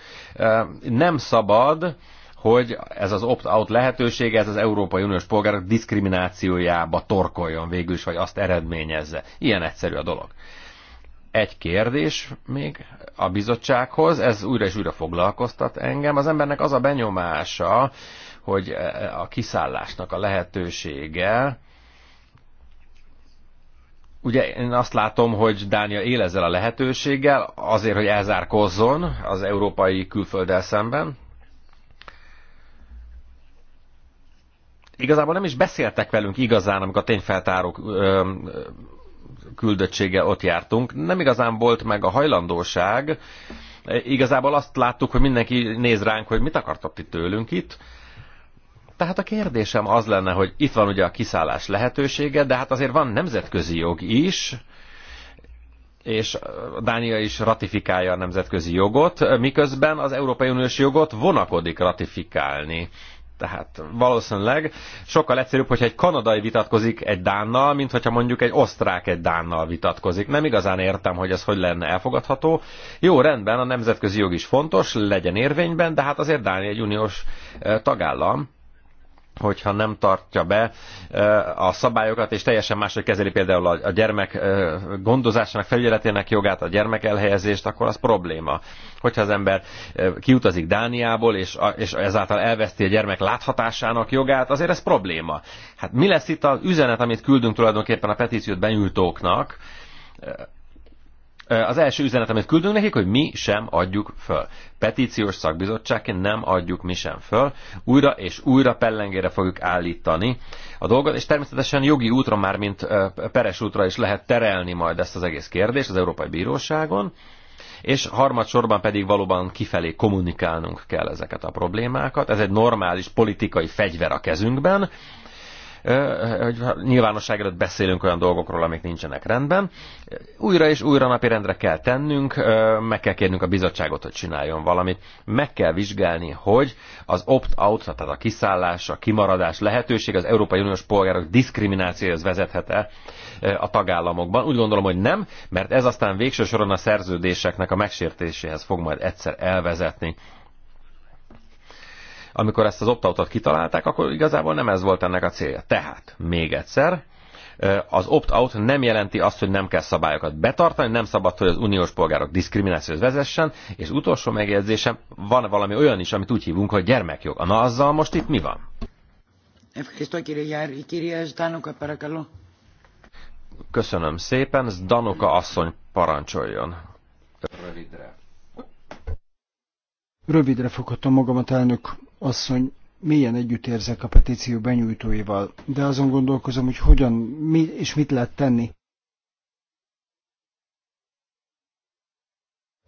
S2: Nem szabad, hogy ez az opt-out lehetősége, ez az Európai Uniós polgárok diszkriminációjába torkoljon végül is, vagy azt eredményezze. Ilyen egyszerű a dolog. Egy kérdés még a bizottsághoz, ez újra és újra foglalkoztat engem. Az embernek az a benyomása, hogy a kiszállásnak a lehetősége, Ugye én azt látom, hogy Dánia él ezzel a lehetőséggel, azért, hogy elzárkozzon az európai külfölddel szemben. Igazából nem is beszéltek velünk igazán, amikor a tényfeltárok küldöttsége ott jártunk. Nem igazán volt meg a hajlandóság. Igazából azt láttuk, hogy mindenki néz ránk, hogy mit akartott itt tőlünk itt. Tehát a kérdésem az lenne, hogy itt van ugye a kiszállás lehetősége, de hát azért van nemzetközi jog is, és Dánia is ratifikálja a nemzetközi jogot, miközben az Európai Uniós jogot vonakodik ratifikálni. Tehát valószínűleg sokkal egyszerűbb, hogyha egy kanadai vitatkozik egy dánnal, mint hogyha mondjuk egy osztrák egy dánnal vitatkozik. Nem igazán értem, hogy ez hogy lenne elfogadható. Jó, rendben, a nemzetközi jog is fontos, legyen érvényben, de hát azért Dánia egy uniós eh, tagállam hogyha nem tartja be a szabályokat, és teljesen máshogy kezeli például a gyermek gondozásának, felügyeletének jogát, a gyermek elhelyezést, akkor az probléma. Hogyha az ember kiutazik Dániából, és, és ezáltal elveszti a gyermek láthatásának jogát, azért ez probléma. Hát mi lesz itt az üzenet, amit küldünk tulajdonképpen a petíciót benyújtóknak, az első üzenet, amit küldünk nekik, hogy mi sem adjuk föl. Petíciós szakbizottságként nem adjuk mi sem föl. Újra és újra pellengére fogjuk állítani a dolgot, és természetesen jogi útra már, mint peres útra is lehet terelni majd ezt az egész kérdést az Európai Bíróságon, és harmadsorban pedig valóban kifelé kommunikálnunk kell ezeket a problémákat. Ez egy normális politikai fegyver a kezünkben, hogy nyilvánosság előtt beszélünk olyan dolgokról, amik nincsenek rendben. Újra és újra napirendre kell tennünk, meg kell kérnünk a bizottságot, hogy csináljon valamit. Meg kell vizsgálni, hogy az opt-out, tehát a kiszállás, a kimaradás lehetőség az Európai Uniós polgárok diszkriminációhoz vezethet-e a tagállamokban. Úgy gondolom, hogy nem, mert ez aztán végső soron a szerződéseknek a megsértéséhez fog majd egyszer elvezetni amikor ezt az opt-outot kitalálták, akkor igazából nem ez volt ennek a célja. Tehát, még egyszer, az opt-out nem jelenti azt, hogy nem kell szabályokat betartani, nem szabad, hogy az uniós polgárok diszkriminációhoz vezessen, és utolsó megjegyzésem, van valami olyan is, amit úgy hívunk, hogy gyermekjog. Na azzal most itt mi van? Köszönöm szépen, Zdanoka asszony parancsoljon. Rövidre.
S1: Rövidre foghatom magamat, elnök asszony, mélyen érzek a petíció benyújtóival, de azon gondolkozom, hogy hogyan mi és mit lehet tenni.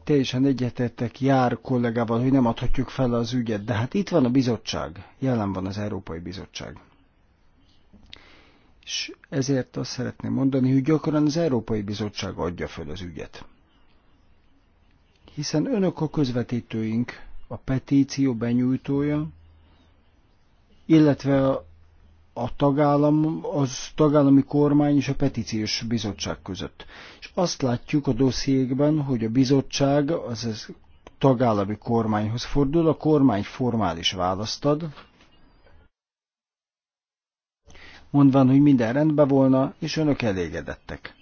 S1: Teljesen egyetettek jár kollégával, hogy nem adhatjuk fel az ügyet, de hát itt van a bizottság, jelen van az Európai Bizottság. És ezért azt szeretném mondani, hogy gyakran az Európai Bizottság adja föl az ügyet. Hiszen önök a közvetítőink, a petíció benyújtója, illetve a tagállam, az tagállami kormány és a petíciós bizottság között. És azt látjuk a dossziékben, hogy a bizottság, az ez tagállami kormányhoz fordul, a kormány formális választ ad, mondván, hogy minden rendben volna, és önök elégedettek.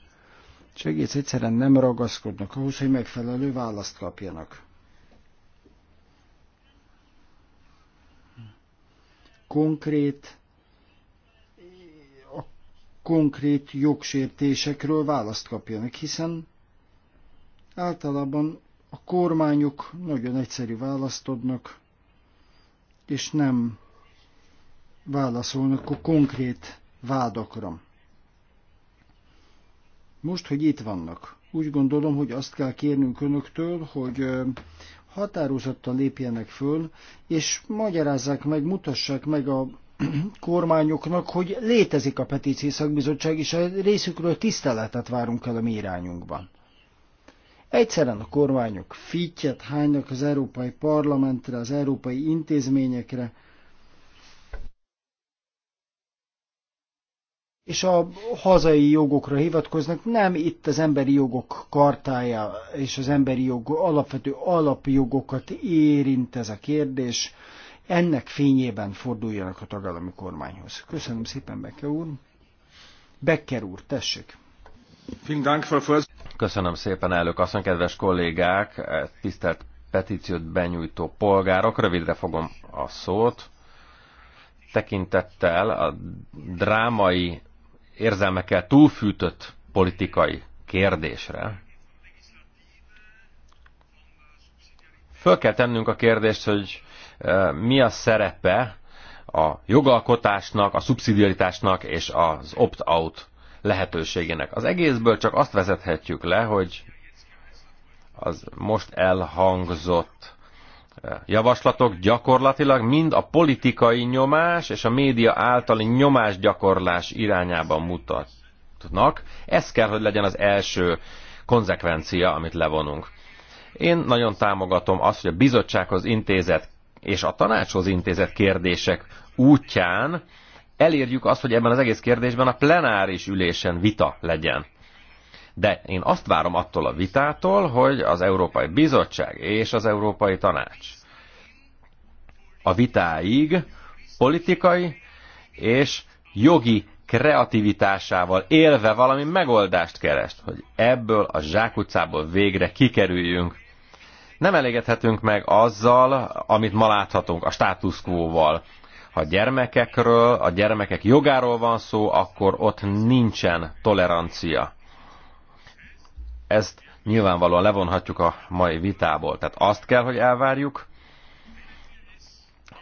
S1: És egész egyszerűen nem ragaszkodnak ahhoz, hogy megfelelő választ kapjanak. konkrét a konkrét jogsértésekről választ kapjanak, hiszen általában a kormányok nagyon egyszerű választ adnak, és nem válaszolnak a konkrét vádakra. Most, hogy itt vannak, úgy gondolom, hogy azt kell kérnünk önöktől, hogy határozottan lépjenek föl, és magyarázzák meg, mutassák meg a kormányoknak, hogy létezik a petíció szakbizottság, és a részükről tiszteletet várunk el a mi irányunkban. Egyszerűen a kormányok fittyet hánynak az Európai Parlamentre, az európai intézményekre, és a hazai jogokra hivatkoznak. Nem itt az emberi jogok kartája és az emberi jog alapvető alapjogokat érint ez a kérdés. Ennek fényében forduljanak a tagállami kormányhoz. Köszönöm szépen, Becker úr. Becker úr, tessék.
S2: Köszönöm szépen, elnök asszony, kedves kollégák, tisztelt petíciót benyújtó polgárok. Rövidre fogom a szót tekintettel a drámai érzelmekkel túlfűtött politikai kérdésre, föl kell tennünk a kérdést, hogy e, mi a szerepe a jogalkotásnak, a szubszidiaritásnak és az opt-out lehetőségének. Az egészből csak azt vezethetjük le, hogy az most elhangzott javaslatok gyakorlatilag mind a politikai nyomás és a média általi nyomásgyakorlás irányában mutatnak. Ez kell, hogy legyen az első konzekvencia, amit levonunk. Én nagyon támogatom azt, hogy a bizottsághoz intézet és a tanácshoz intézet kérdések útján elérjük azt, hogy ebben az egész kérdésben a plenáris ülésen vita legyen. De én azt várom attól a vitától, hogy az Európai Bizottság és az Európai Tanács a vitáig politikai és jogi kreativitásával élve valami megoldást kerest, hogy ebből a zsákutcából végre kikerüljünk. Nem elégedhetünk meg azzal, amit ma láthatunk, a status quo-val. Ha gyermekekről, a gyermekek jogáról van szó, akkor ott nincsen tolerancia ezt nyilvánvalóan levonhatjuk a mai vitából. Tehát azt kell, hogy elvárjuk,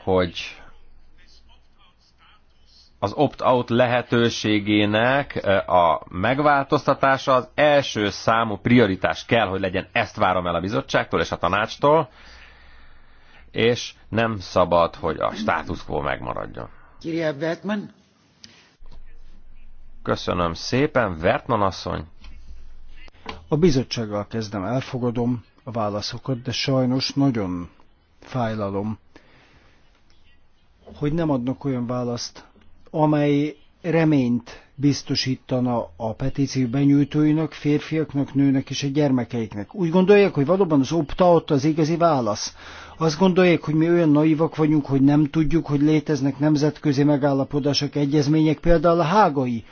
S2: hogy az opt-out lehetőségének eh, a megváltoztatása az első számú prioritás kell, hogy legyen. Ezt várom el a bizottságtól és a tanácstól, és nem szabad, hogy a státusz quo megmaradjon. Köszönöm szépen, Vertman asszony.
S1: A bizottsággal kezdem, elfogadom a válaszokat, de sajnos nagyon fájlalom, hogy nem adnak olyan választ, amely reményt biztosítana a petíció benyújtóinak, férfiaknak, nőnek és a gyermekeiknek. Úgy gondolják, hogy valóban az opta ott az igazi válasz. Azt gondolják, hogy mi olyan naivak vagyunk, hogy nem tudjuk, hogy léteznek nemzetközi megállapodások, egyezmények, például a hágai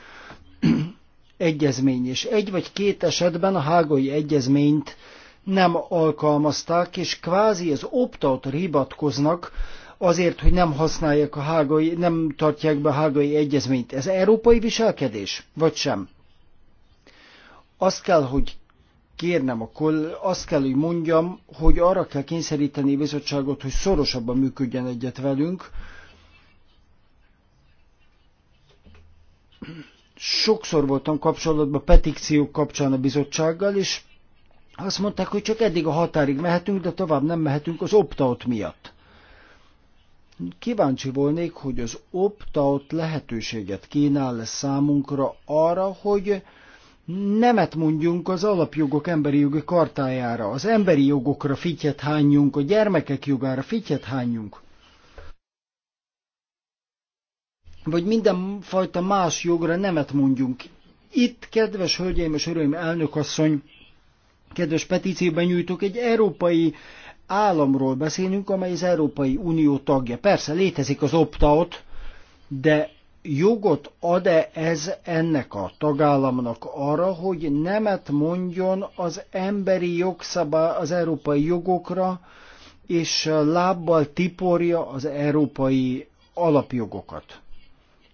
S1: egyezmény, és egy vagy két esetben a hágai egyezményt nem alkalmazták, és kvázi az opt-out ribatkoznak azért, hogy nem használják a hágai, nem tartják be a hágai egyezményt. Ez európai viselkedés, vagy sem? Azt kell, hogy kérnem, akkor azt kell, hogy mondjam, hogy arra kell kényszeríteni a bizottságot, hogy szorosabban működjön egyet velünk, sokszor voltam kapcsolatban petíciók kapcsán a bizottsággal, és azt mondták, hogy csak eddig a határig mehetünk, de tovább nem mehetünk az opt-out miatt. Kíváncsi volnék, hogy az opt-out lehetőséget kínál -e számunkra arra, hogy nemet mondjunk az alapjogok emberi jogi kartájára, az emberi jogokra fityet hányjunk, a gyermekek jogára fityet hányjunk. vagy mindenfajta más jogra nemet mondjunk. Itt, kedves hölgyeim és uraim, elnökasszony, kedves petícióban nyújtok, egy európai államról beszélünk, amely az Európai Unió tagja. Persze létezik az opt-out, de jogot ad-e ez ennek a tagállamnak arra, hogy nemet mondjon az emberi jogszabály, az európai jogokra, és lábbal tiporja az európai alapjogokat?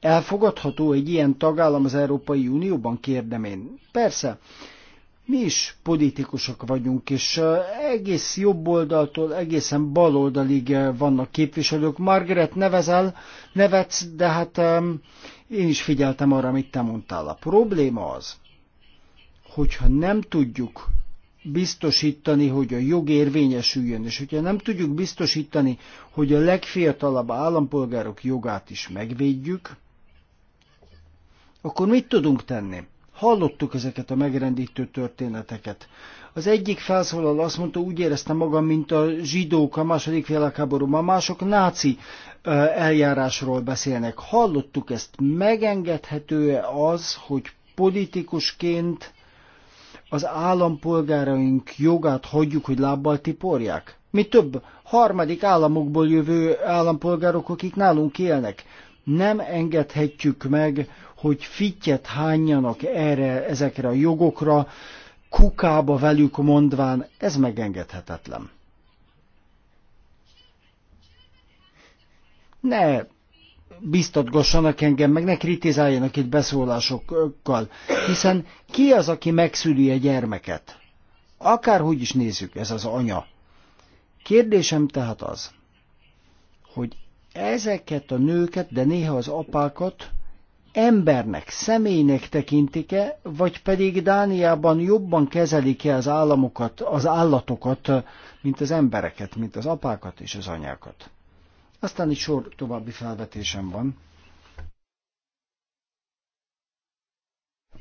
S1: Elfogadható egy ilyen tagállam az Európai Unióban, kérdem én. Persze, mi is politikusok vagyunk, és egész jobb oldaltól egészen bal oldalig vannak képviselők. Margaret nevezel, nevetsz, de hát én is figyeltem arra, amit te mondtál. A probléma az, hogyha nem tudjuk biztosítani, hogy a jog érvényesüljön, és hogyha nem tudjuk biztosítani, hogy a legfiatalabb állampolgárok jogát is megvédjük, akkor mit tudunk tenni? Hallottuk ezeket a megrendítő történeteket. Az egyik felszólal azt mondta, úgy éreztem magam, mint a zsidók a második világháborúban, mások náci eljárásról beszélnek. Hallottuk ezt, megengedhető-e az, hogy politikusként az állampolgáraink jogát hagyjuk, hogy lábbal tiporják? Mi több, harmadik államokból jövő állampolgárok, akik nálunk élnek. Nem engedhetjük meg, hogy fittyet hányjanak erre, ezekre a jogokra, kukába velük mondván, ez megengedhetetlen. Ne biztatgassanak engem, meg ne kritizáljanak itt beszólásokkal, hiszen ki az, aki megszüli a gyermeket? Akárhogy is nézzük, ez az anya. Kérdésem tehát az, hogy ezeket a nőket, de néha az apákat embernek, személynek tekintik-e, vagy pedig Dániában jobban kezelik-e az államokat, az állatokat, mint az embereket, mint az apákat és az anyákat. Aztán itt sor további felvetésem van.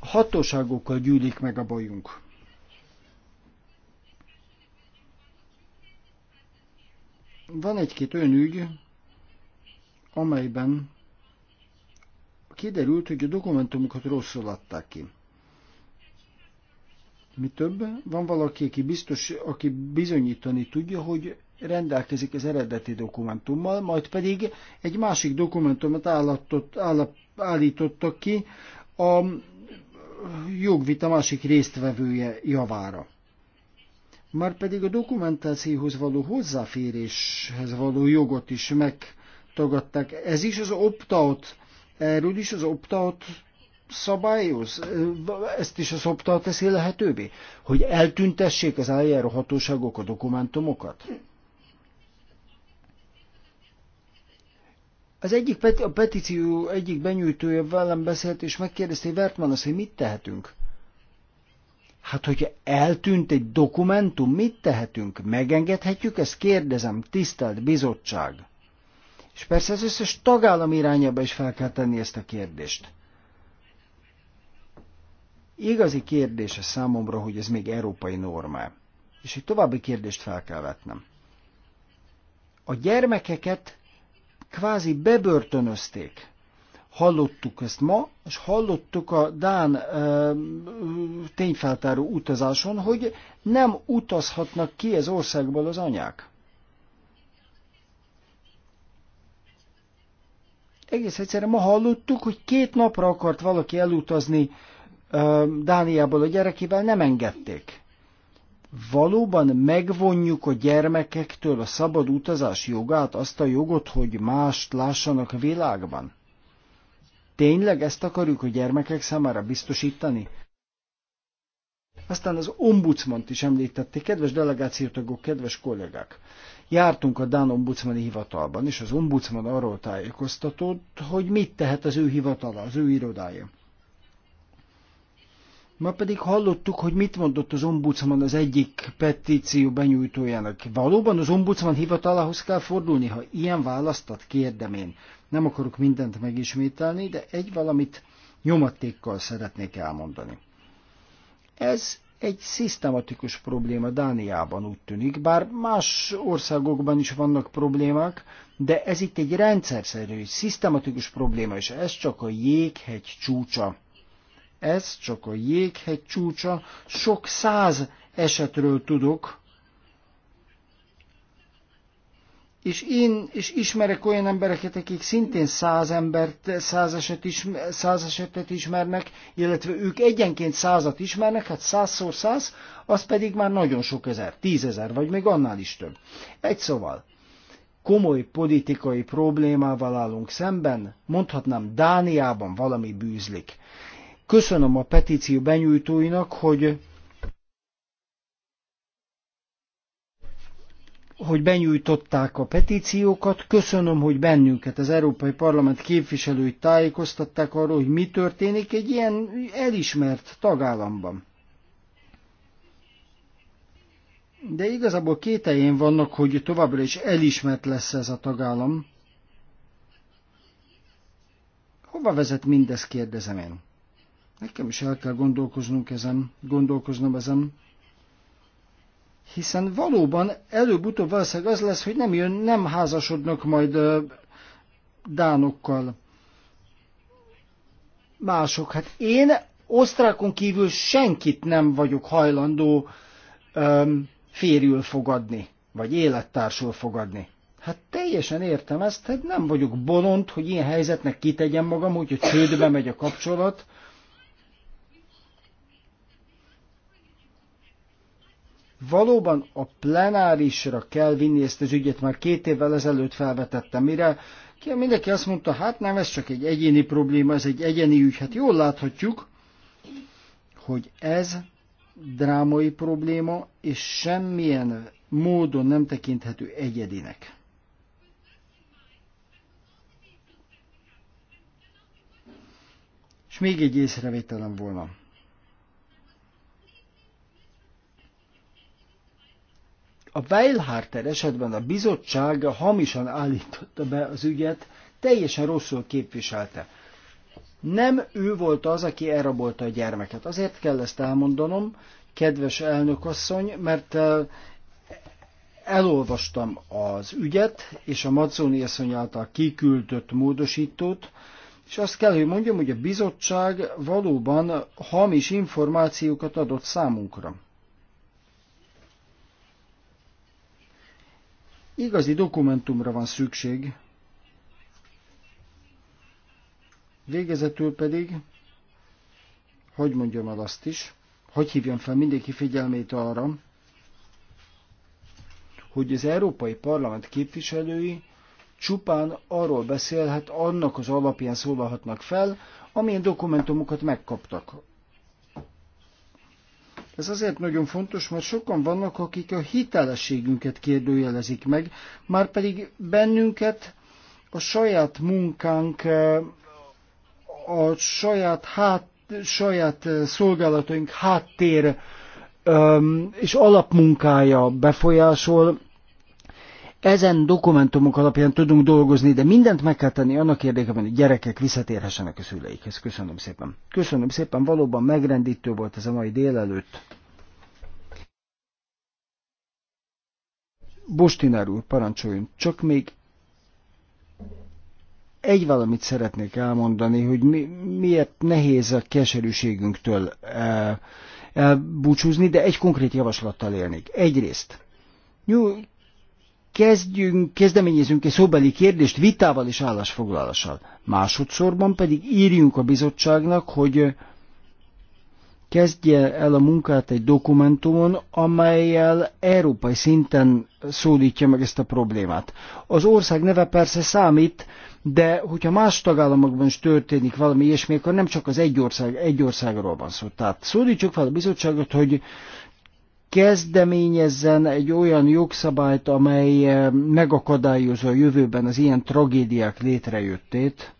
S1: hatóságokkal gyűlik meg a bajunk. Van egy-két olyan ügy, amelyben kiderült, hogy a dokumentumokat rosszul adták ki. Mi több, van valaki, aki, biztos, aki bizonyítani tudja, hogy rendelkezik az eredeti dokumentummal, majd pedig egy másik dokumentumot állatott, állap, állítottak ki a jogvita másik résztvevője javára. Már pedig a dokumentációhoz való hozzáféréshez való jogot is meg tagadták. Ez is az opt-out, erről is az opt-out szabályoz, ezt is az opt-out teszi lehetővé, hogy eltüntessék az eljáró hatóságok a dokumentumokat. Az egyik peti- a petíció egyik benyújtója velem beszélt, és megkérdezte, hogy Vertman azt, hogy mit tehetünk? Hát, hogyha eltűnt egy dokumentum, mit tehetünk? Megengedhetjük? Ezt kérdezem, tisztelt bizottság. És persze az összes tagállam irányába is fel kell tenni ezt a kérdést. Igazi kérdés a számomra, hogy ez még európai normá. És egy további kérdést fel kell vetnem. A gyermekeket kvázi bebörtönözték. Hallottuk ezt ma, és hallottuk a Dán ö, tényfeltáró utazáson, hogy nem utazhatnak ki az országból az anyák. Egész egyszerűen ma hallottuk, hogy két napra akart valaki elutazni Dániából a gyerekével, nem engedték. Valóban megvonjuk a gyermekektől a szabad utazás jogát, azt a jogot, hogy mást lássanak a világban? Tényleg ezt akarjuk a gyermekek számára biztosítani? Aztán az ombudsman is említették, kedves delegációtagok, kedves kollégák. Jártunk a Dán ombudsmani hivatalban, és az ombudsman arról tájékoztatott, hogy mit tehet az ő hivatala, az ő irodája. Ma pedig hallottuk, hogy mit mondott az ombudsman az egyik petíció benyújtójának. Valóban az ombudsman hivatalához kell fordulni, ha ilyen választat kérdem én. Nem akarok mindent megismételni, de egy valamit nyomatékkal szeretnék elmondani. Ez egy szisztematikus probléma Dániában úgy tűnik, bár más országokban is vannak problémák, de ez itt egy rendszerszerű, szisztematikus probléma, és ez csak a jéghegy csúcsa. Ez csak a jéghegy csúcsa, sok száz esetről tudok, és én is ismerek olyan embereket, akik szintén száz embert, száz, eset ismer, száz esetet ismernek, illetve ők egyenként százat ismernek, hát százszor száz, az pedig már nagyon sok ezer, tízezer, vagy még annál is több. Egy szóval, komoly politikai problémával állunk szemben, mondhatnám Dániában valami bűzlik. Köszönöm a petíció benyújtóinak, hogy hogy benyújtották a petíciókat. Köszönöm, hogy bennünket, az Európai Parlament képviselőit tájékoztatták arról, hogy mi történik egy ilyen elismert tagállamban. De igazából kételjén vannak, hogy továbbra is elismert lesz ez a tagállam. Hova vezet mindez, kérdezem én. Nekem is el kell gondolkoznunk ezen, gondolkoznom ezen. Hiszen valóban előbb-utóbb valószínűleg az lesz, hogy nem jön, nem házasodnak majd dánokkal mások. Hát én osztrákon kívül senkit nem vagyok hajlandó öm, férjül fogadni, vagy élettársul fogadni. Hát teljesen értem ezt, hát nem vagyok bolond, hogy ilyen helyzetnek kitegyem magam, úgyhogy csődbe megy a kapcsolat, Valóban a plenárisra kell vinni ezt az ügyet, már két évvel ezelőtt felvetettem, mire ki mindenki azt mondta, hát nem, ez csak egy egyéni probléma, ez egy egyéni ügy. Hát jól láthatjuk, hogy ez drámai probléma, és semmilyen módon nem tekinthető egyedinek. És még egy észrevételem volna. A Weilharter esetben a bizottság hamisan állította be az ügyet, teljesen rosszul képviselte. Nem ő volt az, aki elrabolta a gyermeket. Azért kell ezt elmondanom, kedves elnökasszony, mert elolvastam az ügyet és a Mazzoni asszony által kiküldött módosítót, és azt kell, hogy mondjam, hogy a bizottság valóban hamis információkat adott számunkra. Igazi dokumentumra van szükség, végezetül pedig, hogy mondjam el azt is, hogy hívjam fel mindenki figyelmét arra, hogy az Európai Parlament képviselői csupán arról beszélhet, annak az alapján szólalhatnak fel, amilyen dokumentumokat megkaptak. Ez azért nagyon fontos, mert sokan vannak, akik a hitelességünket kérdőjelezik meg, már pedig bennünket a saját munkánk, eh, a saját, hát, saját eh, szolgálataink háttér ehm, és alapmunkája befolyásol, ezen dokumentumok alapján tudunk dolgozni, de mindent meg kell tenni annak érdekében, hogy gyerekek visszatérhessenek a szüleikhez. Köszönöm szépen. Köszönöm szépen, valóban megrendítő volt ez a mai délelőtt. Bostinár úr, parancsoljon, csak még egy valamit szeretnék elmondani, hogy mi, miért nehéz a keserűségünktől eh, elbúcsúzni, de egy konkrét javaslattal élnék. Egyrészt, kezdjünk, kezdeményezünk egy szóbeli kérdést vitával és állásfoglalással. Másodszorban pedig írjunk a bizottságnak, hogy kezdje el a munkát egy dokumentumon, amelyel európai szinten szólítja meg ezt a problémát. Az ország neve persze számít, de hogyha más tagállamokban is történik valami ilyesmi, akkor nem csak az egy, ország, egy országról van szó. Tehát szólítsuk fel a bizottságot, hogy kezdeményezzen egy olyan jogszabályt, amely eh, megakadályozza a jövőben az ilyen tragédiák létrejöttét.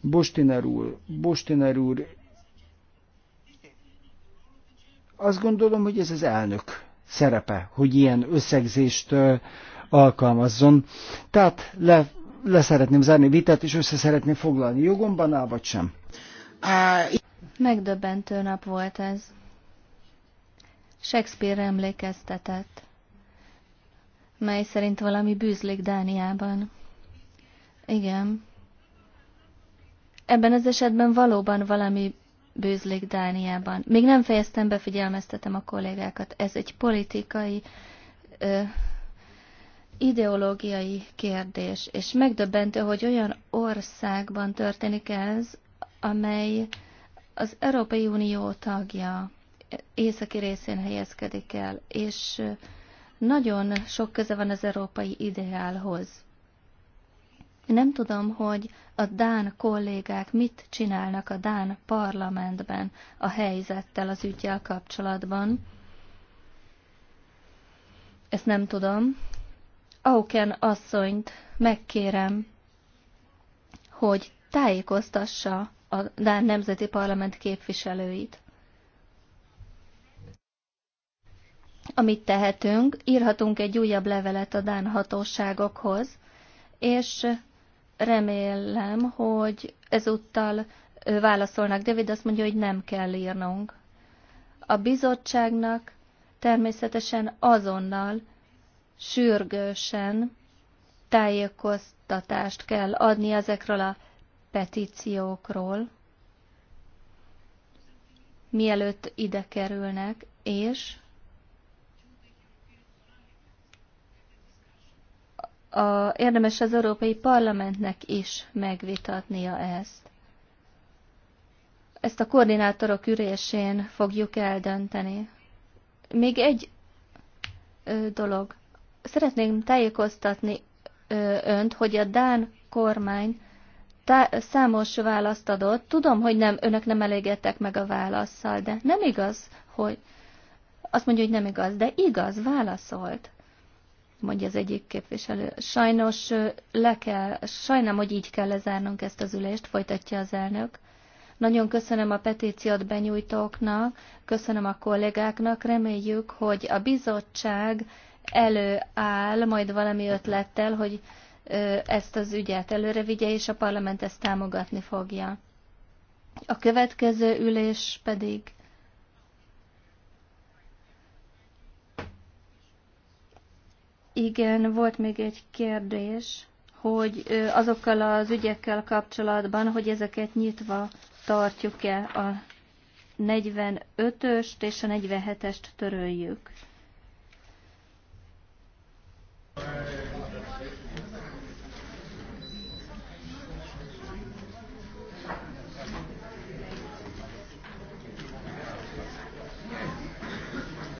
S1: Bostiner úr, Bostiner úr, azt gondolom, hogy ez az elnök szerepe, hogy ilyen összegzést eh, alkalmazzon. Tehát le, le szeretném zárni vitát, és össze szeretném foglalni. Jogomban áll, vagy sem?
S3: Megdöbbentő nap volt ez. Shakespeare emlékeztetett, mely szerint valami bűzlik Dániában. Igen. Ebben az esetben valóban valami bűzlik Dániában. Még nem fejeztem be, figyelmeztetem a kollégákat. Ez egy politikai, ö, ideológiai kérdés, és megdöbbentő, hogy olyan országban történik ez, amely az Európai Unió tagja északi részén helyezkedik el, és nagyon sok köze van az európai ideálhoz. Nem tudom, hogy a Dán kollégák mit csinálnak a Dán parlamentben a helyzettel az ügyjel kapcsolatban. Ezt nem tudom. Auken asszonyt megkérem, hogy tájékoztassa a Dán Nemzeti Parlament képviselőit. Amit tehetünk, írhatunk egy újabb levelet a Dán hatóságokhoz, és remélem, hogy ezúttal válaszolnak. David azt mondja, hogy nem kell írnunk. A bizottságnak természetesen azonnal, sürgősen tájékoztatást kell adni ezekről a petíciókról, mielőtt ide kerülnek, és a, érdemes az Európai Parlamentnek is megvitatnia ezt. Ezt a koordinátorok ürésén fogjuk eldönteni. Még egy ö, dolog. Szeretném tájékoztatni ö, önt, hogy a Dán kormány tá- számos választ adott. Tudom, hogy nem, önök nem elégedtek meg a válaszsal, de nem igaz, hogy azt mondja, hogy nem igaz, de igaz, válaszolt mondja az egyik képviselő. Sajnos le kell, sajnálom, hogy így kell lezárnunk ezt az ülést, folytatja az elnök. Nagyon köszönöm a petíciót benyújtóknak, köszönöm a kollégáknak, reméljük, hogy a bizottság előáll majd valami ötlettel, hogy ezt az ügyet előre vigye, és a parlament ezt támogatni fogja. A következő ülés pedig Igen, volt még egy kérdés, hogy azokkal az ügyekkel kapcsolatban, hogy ezeket nyitva tartjuk-e a 45-öst és a 47-est töröljük.